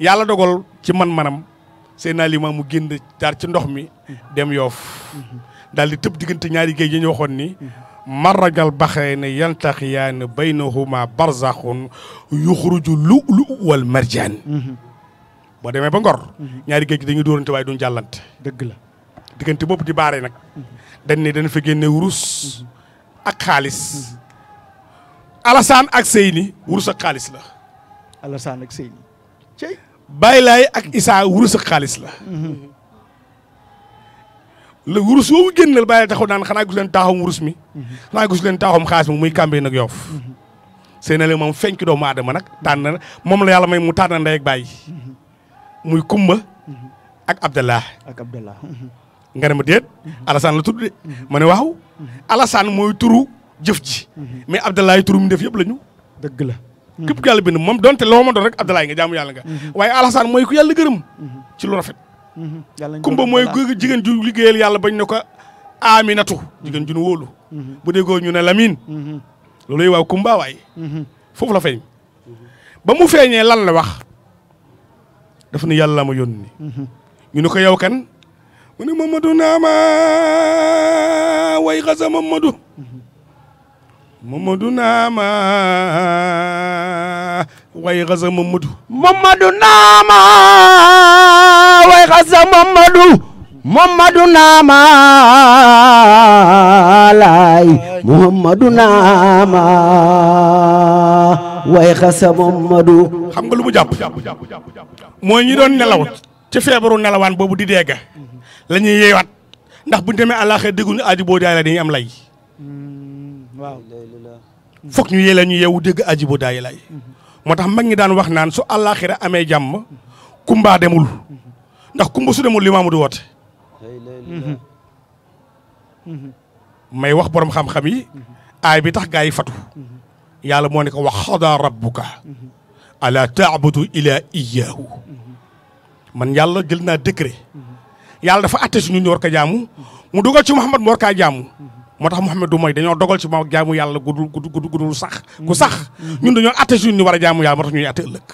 yàlla dogal ci man-manam Seydina Limaamu mu génn jaar ci ndox mi dem yoof daal di tëb diggante ñaari géej yi ñu waxoon ni. maragal baxrayni yantaqiyaani baynahuma barzaxun lu lu wal marjaan mhm. boo demee ba ngor mhm. ñaari géej gi dañuy dóorante waaye duñ jàllante dëgg la diggante boobu di baare nag mhm. dañ ne dañ fa génne wurus ak xaalis alasaan ak seyni wurus ak xaalis la alasaan ak seyni cey bàyyi ak isaa wurus ak xaalis la la wurus woowu génneel bàyyi taxaw daan xanaa gis leen taaxam wurus mi xanaa gis leen taaxam xaalis mi muy kàmbe nag yoof sëy na leen moom fenk doomu aadama nag tànn moom la yàlla may mu tànn ndey ak bàyyi muy kumba ak abdallah ak abdallah nga ne ma déet Alassane la tudd de ma ne waaw Alassane mooy turu jëf ci mais abdallah yi turu mu def yëpp la ñu dëgg la képp ku yàlla bind moom donte loo ma doon rek abdallah yi nga jaamu yàlla nga mm-hmm. waaye Alassane mooy ku yàlla gërëm mm-hmm. ci lu rafet kumba mooy jigéen ju liggéeyal yàlla bañ ne ko aminatu jigéen ju nu wóolu mhm. bu dee góor ñu ne lamin mhm. loolu waaw kumba waay mhm. foofu la ba mu feeñee lan la wax daf ne yàlla ma yónni ñu ne ko yow ken mu ne mamadou naama way xasa mamadou Mamadou Naama way xasa Mamadou. Mamadou Naama way xasa Mamadou. Mamadou Naama laay. Mamadou Naama way xasa Mamadou. xam nga lu mu jàpp. mooy ñi doon nelaw ci feebaru nelawaan boobu di dégg la yeewaat ndax bu ñu demee àllaaxira dégguñu aaju boo jaay la am lay. waaw foog ñu yee la ñu yeewu dégg ajibu daay lay moo tax mag ñi daan wax naan su àllaaxira amee jàmm kumbaa demul ndax kumba su demul limaamu du woote may wax borom xam-xam yi ay bi tax gaa yi fatu yàlla moo ne ko wax xada rabbuka ala taabudu ila iyaahu man yàlla jël naa décret yàlla dafa atte suñu ñu war ko jaamu mu dugal ci Muhammad mu war kaa jaamu moo tax Mouhamadou mooy dañoo dogal ci moom jaamu yàlla gudul gudul gudul sax ku sax ñun dañoo atte si war a jaamu yàlla moo tax ñuy atte ëllëg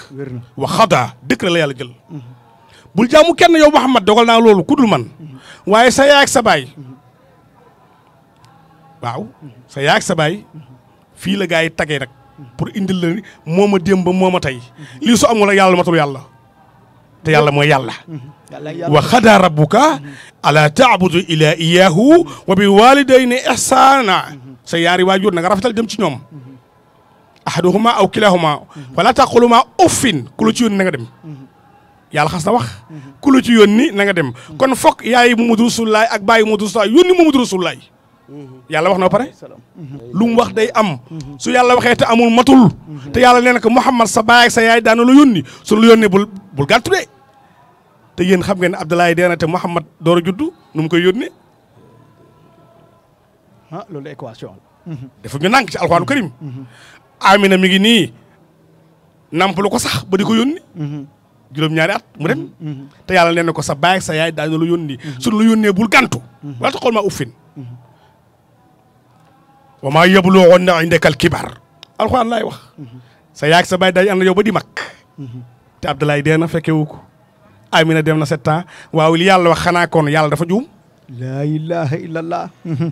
wax xada décret la yàlla jël bul jaamu kenn yow mu Mouhamad dogal naa loolu kudul man waaye sa yaay ak sa baay waaw sa yaay sa baay fii la gars yi tagee nag pour indil la mooma moo ma tey lii su amul ak yàlla matul yàlla te yàlla mooy yàlla wa xada rabbuka ala taabudu ila iyahu wa bi walidayni ihsana sa yaari waajur na nga rafetal dem ci ñoom ahaduhuma aw kilahuma wala taquluma uffin ku la ci yónni na nga dem yàlla xas na wax ku ci yónni na nga dem kon fokk yaay Muhammadu Rasulullaay ak baay Muhammadu Rasulullaay yónni Muhammadu Rasulullaay yàlla wax na ba pare lu mu wax day am su yàlla waxee te amul matul te yàlla nee na ko Muhammad sa baay ak sa yaay daana la yónni su la yónni bul bul gàttu de te yéen xam ngeen ne Abdoulaye dee na te Mouhamad door a juddu nu koy yónnee. ah loolu équation la. *laughs* dafa nànk ci alxuraanu karim. *laughs* Amina mi ngi nii nampalu ko sax ba di ko *laughs* yónni. juróom-ñaari at mu dem. te yàlla nee na ko sa baay sa yaay daañu la yónni. su la yónnee bul gàntu. wala taxul ma uffin. wa maa yablughanna indakal kibar alxuraan laay wax. sa yaay ak sa baay daañu ànd yow ba di mag. te Abdoulaye dee na fekke wu ko Amina dem na sept ans waaw yàlla wax xanaa kon yàlla dafa juum. laa ilaaha illallah. Mhm.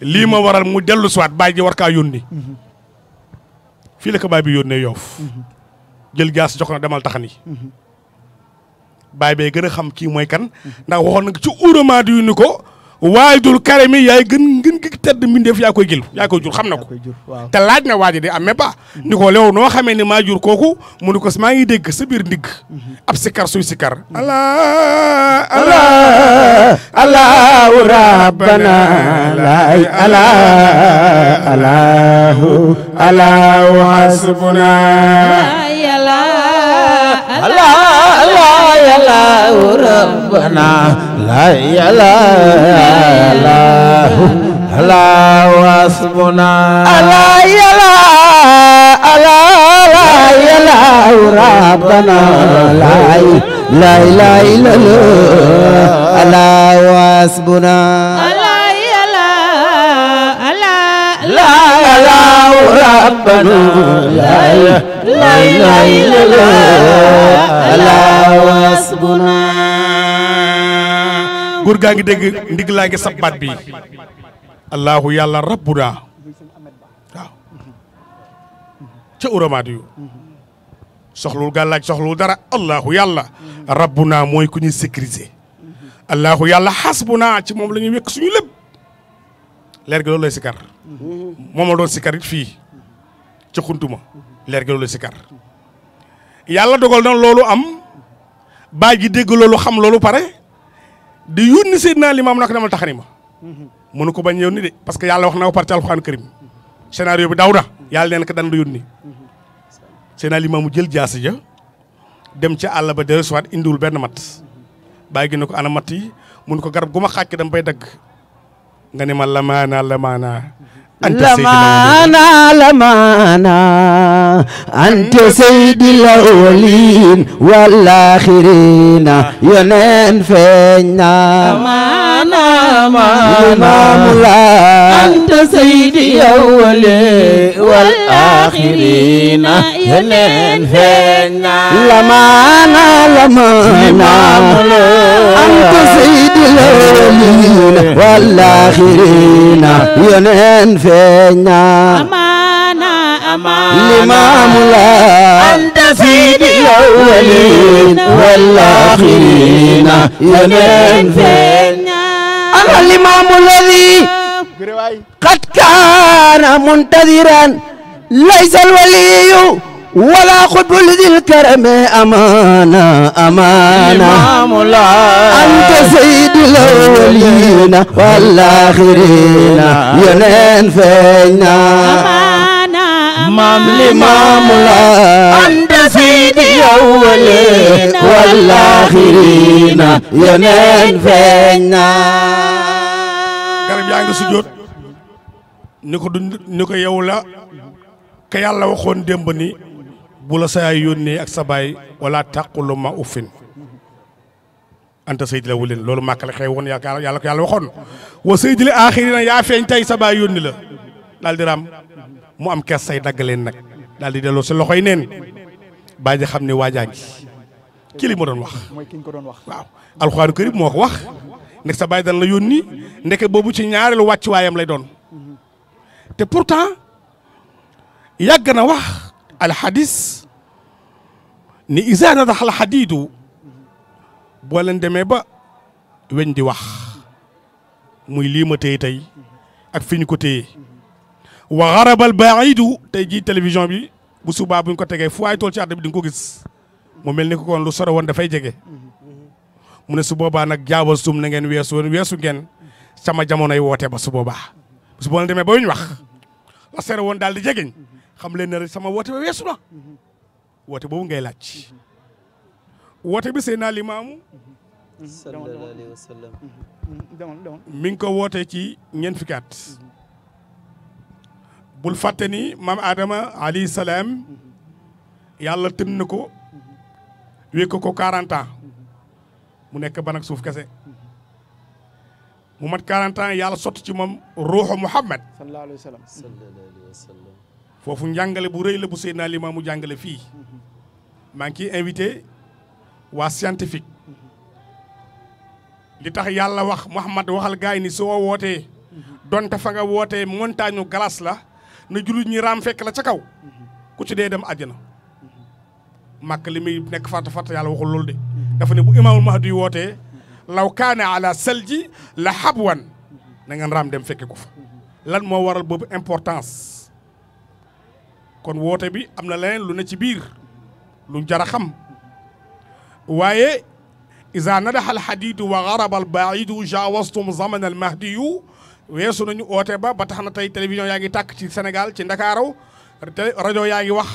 lii ma waral mu dellu si waat baay ji war kaa yónni. Mhm. fii la ko baay bi yónnee yoof mhm. jël gaas jox na demal taxani. baay bee gën a xam kii mooy kan ndax waxoon na ci uramaat yu ni ko. waajul karami yaay gën ngën gi tedd mbindeef yaa koy jël yaa jur xam na ko te laaj na waaji de am mais pas ni ko noo xamee ne maa jur kooku mu ni ko maa ngi dégg sa biir ndigg mhm. ab sikar suy sikar mhm. ala ala allahu rabbana lay ala allahu allahu hasbuna ala ala allahu rabbana لا إله إلا لا واسمنا لا إله لا لا إله ربنا لا لا إله إلا الله لا واسمنا لا إله لا لا لا ربنا لا لا إله إلا الله لا واسمنا góor gaa ngi dégg ndig laa ngi sab baat bi allahu yàlla rabbuna waaw ca uramaat yu soxlul gàllaaj soxlul dara allahu yàlla rabbuna mooy ku ñuy sécuriser allahu yàlla xasbuna ci moom la ñuy wékk suñu lépp leer gi loolu lay sikar moom la doon sikar it fii ca xuntuma leer gi loolu lay sikar yàlla dogal na loolu am baay ji dégg loolu xam loolu pare di yónni Seydina Limaamu na ko demal taxani ma mënu ko bañ yónni de parce que yàlla wax na ko par ci alxuraan karim scénario bi daw na yàlla neen ko dan du yónni Seydina Limaamu jël jaasi ja dem ca àll ba dellu siwaat indiwul benn mat bàyyi gi ne ko ana mat yi mun ko garab gu ma xàcc dama bay dagg nga ne ma lamaana lamaana أنت لمانا لمانا أنت سيد الأولين والآخرين ينين فينا لمانا لمانا أنت سيد الأولين والآخرين ينين فينا لمانا لمانا أنت سيد الأولين والآخرين ينين فينا feeñ na amaana amaana limaamu la anta sidi awwalin wal aaxiriin yeneen feeñ na ana limaamu ladi qad kaana muntadiran laysa alwaliyu ولا قبل ذي الكرم أمانة أمانة أنت سيد الأولين والآخرين ينين فينا مام لمام لا أنت سيد الأولين والآخرين ينين فينا قرب يعني سجود نكو نكو يولا كيالا وخون دمبني bu la sa yaay yónnee ak sa baay wala taqulu ma uffin anta sayyidil awwalin loolu màkk xew woon yaakaar yàlla ko yàlla waxoon wa sayyidil aaxirina yaa feeñ tey sa baay yónni la daal di raam mu am kees say dagg leen nag daal di delloo si loxoy neen baa ji xam ne waajaa ngi li ma doon wax mooy ki ñu ko doon wax waaw alxuraanu karim moo ko wax nekk sa baay dana la yónni ndeke boobu ci ñaareelu wàcc waayam lay doon mm-hmm. te pourtant yàgg na wax alhadis ni izana da alhadidu bolen demee ba weñ di wax muy lii ma téye tey ak fi ñu ko téye wa xarabal baidu tey jii télévision bi bu subaa bu ñu ko tegee fu waay tool ci àdduna bi di nga ko gis mu mel ni ko kon lu sore woon dafay jege mu ne su boobaa nag jaawal sum na ngeen weesu woon weesu ngeen sama jamonoy woote ba su boobaa su boobaa demee ba ñu wax la sore woon daal di jegeñ xam leen ne sama woote ba weesu na woote boobu ngay laaj woote bi Seydina Limaamu sallallahu alayhi wa mi ngi ko wootee ci ñeent fukki at bul fàtte ni maam Adama alayhi salaam yàlla tën na ko wékk ko 40 ans mu nekk ban ak suuf kese mu mat 40 ans yàlla sotti ci moom ruuxu Muhammad sallallahu alayhi wa sallam foofu njàngale bu rëy la bu Seydina mu jàngale fii maa ngi ciy invité waa scientifique li tax yàlla wax Muhammad waxal gaay ni soo wootee donte fa nga wootee montagne galaas la na jullit ñi raam fekk la ca kaw ku ci dee dem àjjana màkk li muy nekk fàtt yàlla waxul loolu de dafa ne bu imaamul mahdi wootee law kaane ala salji la xabwan na ngeen raam dem fekke ko fa lan moo waral boobu importance kon woote bi am na leneen lu ne ci biir lu jar a xam waaye na nadaxa alxadidu wa garaba albaidu jaawastum zaman almahdiyu weesu nañu oote ba ba tax na tey télévision yaa ngi tàkk ci senegal ci Ndakaaraw rajo yaa ngi wax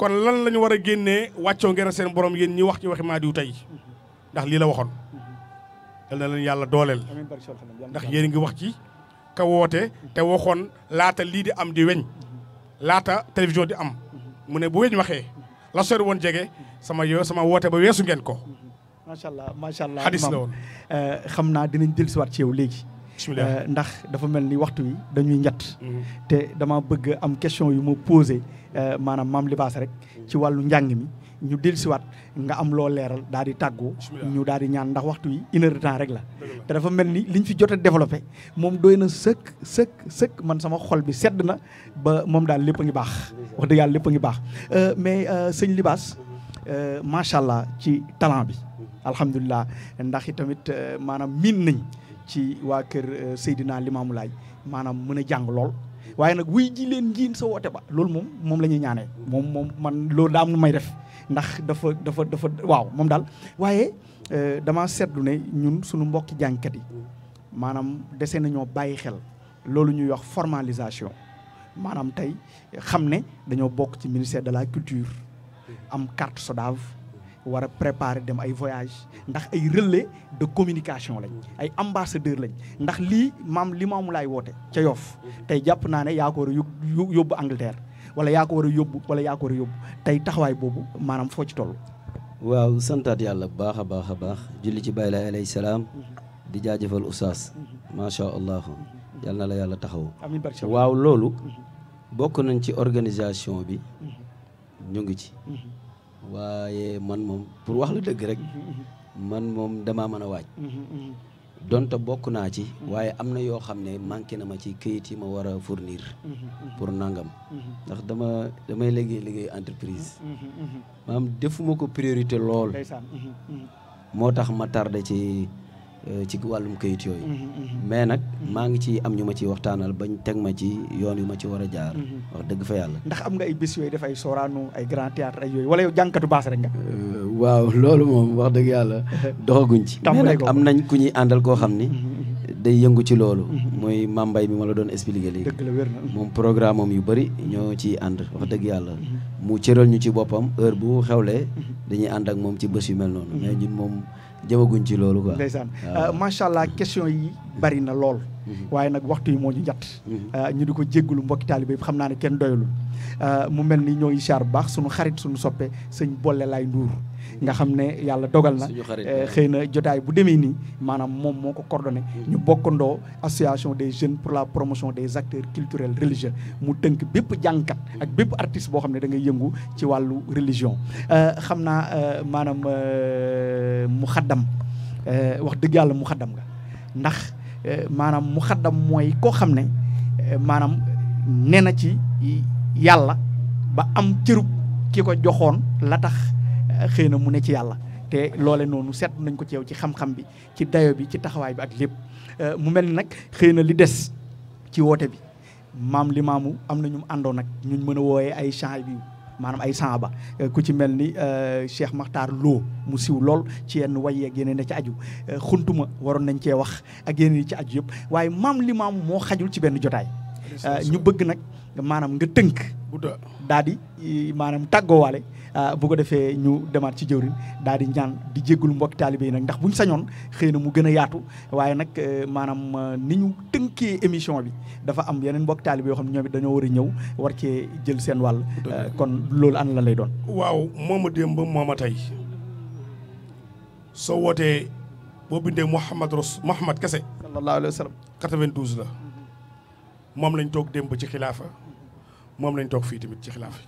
kon lan lañu ñu war a génnee wàccoo ngeen seen borom yéen ñi wax ci waxi Maadiw tey ndax lii la waxoon yal na yàlla dooleel ndax yéen ngi wax ci ka woote te waxoon laata lii di am di weñ laata télévision di am mu ne bu weñu waxee la sori woon jege sama yo sama woote ba weesu ngeen ko. macha allah macha allah xadis la woon eh, xam naa dinañ dellusiwaat ci yow léegi. bismillah eh, ndax dafa mel ni waxtu wi dañuy ñett. Mm-hmm. te dama bëgg am question yu ma posé eh, maanaam maam libaas rek mm-hmm. ci wàllu njàng mi. ñu wat nga am lo leral daal di tàggu ñu daal di ñaan ndax waxtu yi une heure temps rek la te dafa melni liñ fi jotta développer mom doyna seuk seuk seuk man sama xol bi sedd na ba mom daal lepp ngi bax wax dëgg yalla lepp ngi bax euh mais seigne libas euh, euh machallah ci talent bi alhamdullah ndax itamit tamit euh, min nañ ci wa keur sayidina limam lay manam meuna jang lol waye nak wuy ji len ngiin sa wote ba lol mom mom la ñaané mom mom man loolu da am may def ndax dafa dafa dafa waaw moom daal waaye euh, dama seetlu ne ñun suñu mbokki jàngkat yi maanaam dese nañoo bàyyi xel loolu ñuy wax formalisation maanaam tey xam ne dañoo bokk ci ministère de la culture am carte SODAV war a préparer dem ay voyage ndax ay relais de communication lañ ay ambassadeur lañ ndax lii maam li maamu laay woote ca Yoff tey jàpp naa ne yaa ko war a yóbbu Angleterre wala yaa ko war a yóbbu wala yaa ko war a yóbbu tey taxawaay boobu maanaam foo ci toll. waaw santaat yàlla bu baax a baax a baax julli ci bàyyi la alayhi salaam di jaajëfal oustaz macha allah yal na la yàlla taxaw waaw loolu mhm. bokk nañ ci organisation bi mhm. ñu ngi ci mhm. waaye man moom pour wax la dëgg rek man moom damaa mën a waaj donte bokk naa ci waaye am na yoo xam ne manqué na ma ci këyit yi ma war a fournir pour nangam ndax dama damay liggéey liggéey entreprise maanaam defuma ko priorité lool mhm, mhm. moo tax ma tardé ci Euh, ci wàllum këyit yooyu. Mhm, mhm. mais nag mhm. maa ngi ci am ñu ma ciy waxtaanal bañ teg ma ci yoon yu ma ci war a jaar. wax dëgg fa yàlla. ndax am nga ay bés yooyu def ay Sorano ay grand théâtre ay yooyu wala yow jànkatu baas rek nga. Euh, waaw loolu moom wax dëgg yàlla *laughs* doxaguñ ci. mais nag am nañ ku ñuy àndal koo xam ni. day yëngu ci loolu. mooy mambay mi ma la doon expliqué léegi. dëgg la wér moom programme am yu bëri ñoo ciy ànd wax dëgg yàlla. mu cëral ñu ci boppam heure bu xewlee. dañuy ànd ak moom ci bés yu mel noonu. mais jëmaguñ ci loolu quoi. ndeysaan ah. euh, macha allah question yi bari na lool. Mm-hmm. waaye nag waxtu moo ñu njatt. Mm-hmm. Euh, ñu di ko jéggulu mbokki taalibe bi xam naa ne kenn doyalul euh, mu mel ni ñoo ngi siyaar bu baax sunu xarit sunu soppe sëñ Bolle Laay Nduur nga xam ne yàlla dogal na eh, xëy na jotaay bu demee nii maanaam moom moo ko coordonné mm-hmm. ñu bokkandoo association des jeunes pour la promotion des acteurs culturels religieux mu tënk bépp jàngkat ak bépp artiste boo xam ne da yëngu ci wàllu religion eh, xam naa eh, maanaam mu xaddam wax dëgg yàlla mu xaddam nga ndax maanaam mu xaddam mooy koo xam ne maanaam nee na ci yàlla ba am cërub ki ko joxoon la tax xëy na mu ne ci yàlla te loole noonu seet nañ ko ci ci xam-xam bi ci dayo bi ci taxawaay bi ak lépp euh, mu mel ni nag xëy na li des ci woote bi maam li maamu am na ñu àndoon nag ñuñ mën a wooyee ay champs bi maanaam ay samba euh, ku ci mel ni euh, Cheikh Makhtar Lo mu siw lool ci yenn way ak yeneen ci aju xuntuma waroon nañ cee wax ak yeneen ci aju yëpp waaye maam li moo xajul ci benn jotaay. ñu bëgg nag maanaam nga tënk. daal di maanaam tàggoowaale Euh, bu ko defee ñu demaat ci jëwrin daal di ñaan di jéggul mbokk taalibe yi nag ndax buñ sañoon xëy na mu gën a yaatu waaye nag euh, maanaam euh, ni ñu tënkee émission bi dafa am yeneen mbokk taalibe yoo xam ne ñoom it dañoo war a ñëw war cee jël seen wàll kon loolu an la lay doon waaw a mooma démb a tey soo wootee boo bindee Mouhamad Ros Mouhamad kese sallallahu alayhi wa sallam la moom lañ toog démb ci xilaafa moom lañ toog fii tamit ci xilaafa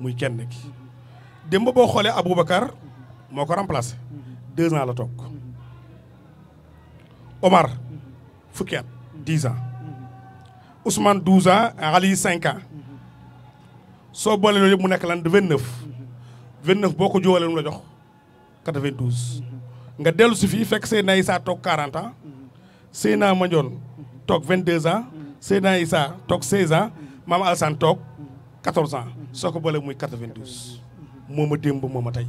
muy kenn ki de mbobo xolé abou bakkar moko remplacer deux ans la tok omar fukiat 10 ans ousmane 12 ans ali 5 ans so bolé lo mu nek lan 29 29 boko jowale lu jox 92 nga delu ci fi fek sey nay tok 40 ans Seyna, na 22 ans Seyna, nay tok 16 ans mam alsan tok 14 ans soko bolé muy 92 moo a démb moo ma tey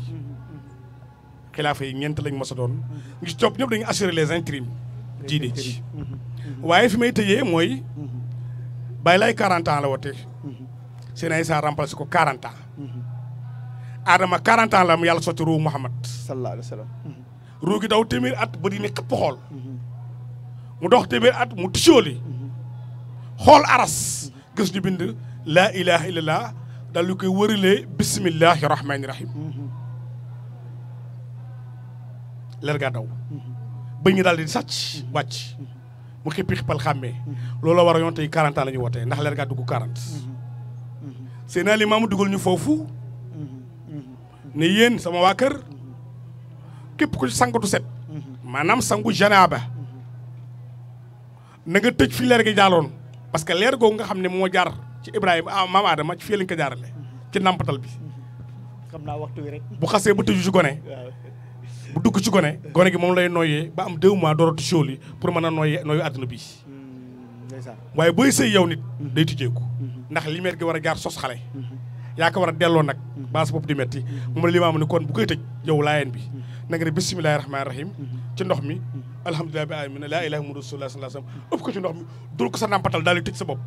xilaafa yi ñeent lañ mos a doon ngi ci dañu assurer les intérims diine mm-hmm. mm-hmm. waaye fi may tëjee mooy mm-hmm. bàyyi laay 40 ans la woote seen ay saa remplacé ko 40 ans Adama 40 ans la am yàlla sotti ruu Muhammad sallallahu daw téeméer at ba di ne xëpp xool mu dox téeméer at mu tisooli xool aras gis ñu laa ilaha illallah dal lu koy wëralee bisimillahi rahmaani rahim leer gaa daw bëñ ñi daal di sàcc wàcc mu xippi xippal xàmmee loolu la war tey 40 ans la ñu wootee ndax leer gaa dugg 40 seen naa li maamu ñu foofu ne sama waa kër képp ku ci sangatu set maanaam sangu janaaba na nga tëj fi leer gi jaaloon parce que leer googu nga xam ne moo jaar ci Ibrahima ah maam Adama ci fii lañ ko jaarale ci nampatal bi. xam naa waxtu wi bu xasee ba tëju ci gone. bu dugg ci gone. gone gi moom lay noyyee ba am deux mois dooratu siol yi pour mën a noyyee noyyu àdduna bi. Hmm, waaye booy sëy yow nit. Hmm. day tijjeeku. Hmm. ndax li met gi war a jaar sos xale. yaa ko war a delloo nag. baas bopp di metti moom la limaam ni kon bu koy tëj yow laayeen bi. na nga ne bisimilahi rahmaani rahim. ci ndox mi. alhamdulilah bi alamin laa ilaaha illa rasulullah sallallahu alayhi wasallam ëpp ko sa nampatal daal di sa bopp.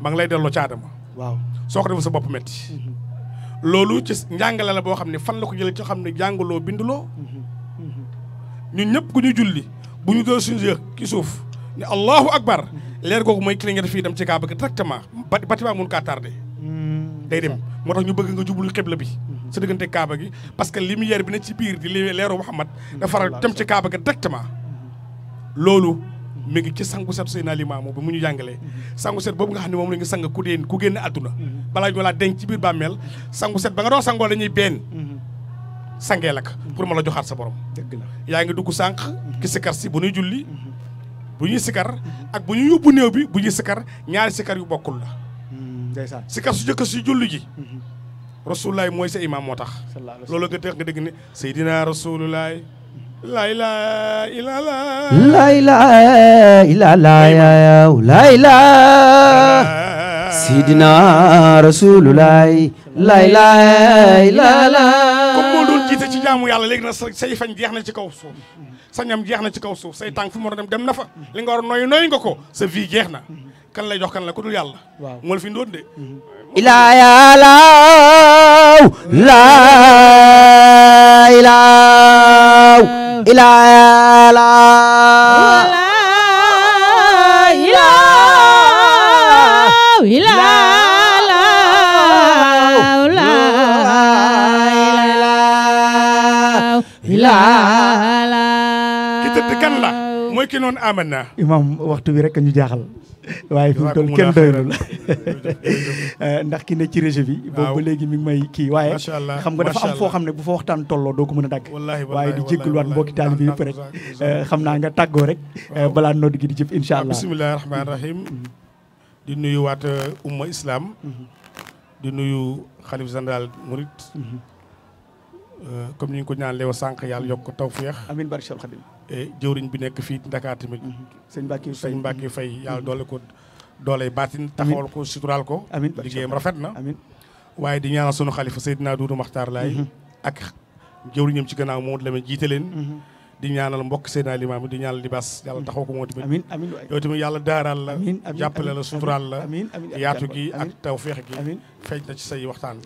ma ngi lay delloo ci Adama waaw soo ko defee sa bopp metti mm-hmm. loolu ci njàngale la boo xam ne fan la ko jëlee ci xam ne jàngaloo binduloo mm-hmm. ñun ñëpp ku ñu julli bu ñu doon suñu ki suuf ne allahu bar mm-hmm. leer googu mooy kiliñet fii dem ci kaaba gi directement bâtiment mun kaa tardé day dem moo tax ñu bëgg nga jublu xibla bi sa diggante kaaba gi parce que lumière bi ne ci biir di leeru Muhammad dafa faral dem ci kaaba gi directement loolu mi ngi ci sangu set Seydina Limaamu bi mu ñu jàngalee sangu set boobu nga xam ne moom la ñu sang ku deen ku génn àdduna balaa ñu laa denc ci biir bàmmeel sangu set ba nga doon sangoo dañuy benn sangee la ko ma la joxaat sa borom yaa ngi dugg sànq ki sikar si bu ñuy julli bu ñuy sikar ak bu ñu yóbbu néew bi bu ñuy sikar ñaari sikar yu bokkul la ndeysaan sikar su jëkk si julli ji rasulullaay mooy sa imaam moo tax loolu nga teex nga dégg ne Seydina rasulullaay لا إله إلا الله لا إله إلا الله لا إله سيدنا رسول الله ci jaamu yàlla léegi nag say fañ jeex na ci kaw suuf sa ñam jeex na ci kaw suuf say tànk fu mu dem dem na fa li nga war a noyyi nga ko sa vie jeex na kan lay jox kan la ku dul yàlla waaw fi ndoon de إلا يا لا لا إله إله لا إله إله ki tëdd kan la mooy ki noonu aman na waxtu bi rek ñu jaaxal waaye fi mu toll *laughs* *laughs* Euh, ndax ki ne ci réseau bi boobu léegi mi ngi may kii waaye xam nga dafa am foo xam ne bu fa waxtaan tollo doo ko mën a dagg waaye di jéggaluwaat mbokki taalibe yëpp rek euh, xam naa nga tàggoo rek euh, balaa nodd gi di jëf incha ah, allah bismillahi rahmaani rahim mm-hmm. mm-hmm. di nuyu waat umma islam di nuyu xalif général murit mm-hmm. comme ni ñu ko ñaan leew sànq yàlla yokk ko tawféex amiin barke Seex Xaadim jëwriñ bi nekk fii Dakar tamit sëñ Mbacke Faye yàlla doole ko dooley baatin taxawal ko suturaal ko liggéeyam rafet na waaye di ñaanal sunu xalifa Seydina Doudou Makhtar Laye mhm. ak jëwriñam ci gannaaw moom la jiite leen mhm. di ñaanal mbokk seen alimaam di ñaanal libaas yàlla taxaw ko moo tamit amiin amiin yow tamit yàlla daaral la jàppale la suturaal la yaatu gi ak tawféex gi feeñ na ci say waxtaan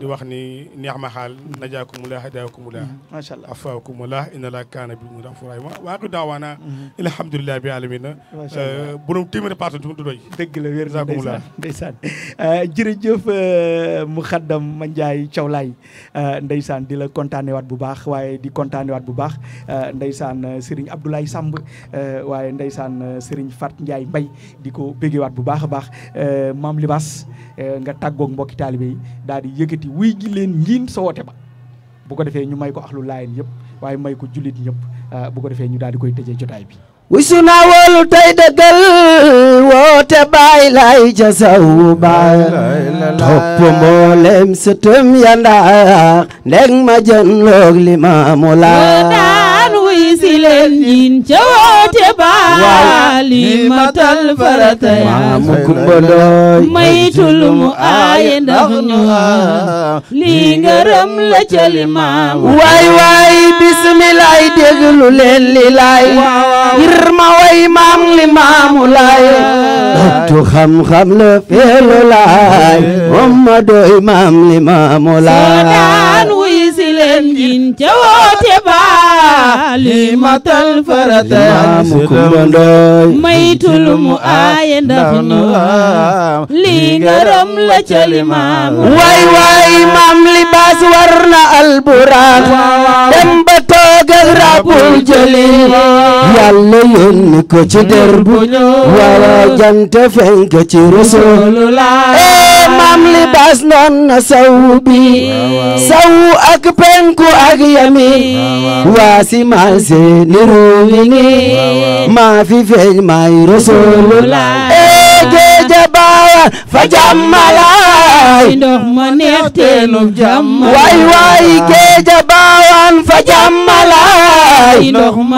di wax ni neex ma xaal mm-hmm. najaakumulaa hadaakumulaa mm-hmm, afaakumulaa inna laa kaana bi mu dafuraay ma waa ko daawaana mm-hmm. alhamdulilah bi alamina eh, bu nu téeméeri paatu du doy dëgg la wér na ndeysaan eh, jërëjëf eh, Muxaddam Mandiaye Thiawlaay ndeysaan di la kontaane waat bu baax waaye di kontaane waat bu baax ndeysaan euh, Serigne Abdoulaye Samb euh, waaye ndeysaan euh, Serigne Fat Ndiaye Mbaye di ko bégewaat bu baax a baax maam libaas nga tàggoog mbokki taalibe yi daal di yëkkati wuy gi leen ngiin sa woote ba bu defee ñu may ko axlu laayeen yëpp waaye may ko jullit ñëpp bu ko defee ñu daal di koy tëjee jotaay bi wuy suna woolu tey dëggal woote bàyyi lay ca saw baay topp mboolem sëtëm ya ndax ndeg ma jën loog li maamu laa di leen ñiin ca woote ba li matal farata yaa mu kumba doy maytul mu aaye ndax li ngërëm la ca limaam waay waay bismilaay déglu leen li maamu laay tu xam-xam la feelu laay moom ma maamu laay leen ca woote ba li matal farata mu kumbandooy maytul mu aaye ndax nu li ngërëm la ca maam libaas war na alburaan toogal rabul jëli yàlla yónni ko eh, maam libaas noon na saw bi penku ak fi eh, waay waay géeja baawan fa jàmmalaay ndox ma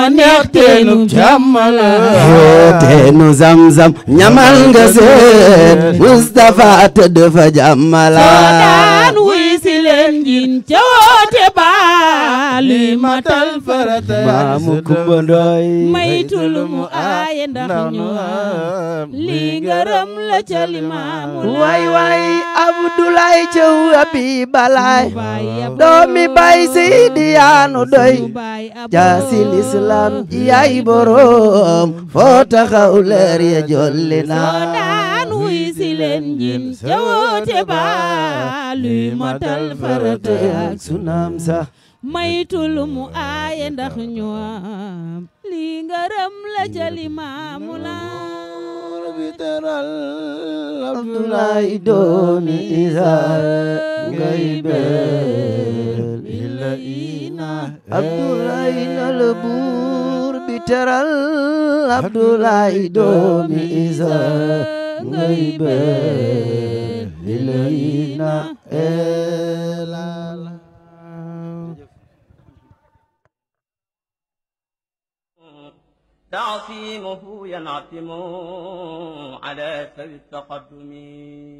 neex teenub jàmmalaay teenu zamzam ñamal nga seet Mustafa tëdd fa jàmmalaay njin ca woote baa luy matal farata maamu kumba ndoy maytul mu aaye ndax ñu am li ngërëm la ca limaamu waay waay abdoulaye caw abi balaay doomi bay seydi yaanu doy jaasil islam ji ay boroom foo taxaw leer ya jolli naa leen jin jawoote baa luy matal farata ak sunaam sax maytul mu aaye ndax ñoom li ngërëm la jali maamu la bi teral abdoulaye doomi isaar ngay beel illa ina abdoulaye na la buur bi teral abdoulaye doomi isaar غيبان إلينا آلا تعصيمه ينعتم على سوي التقدم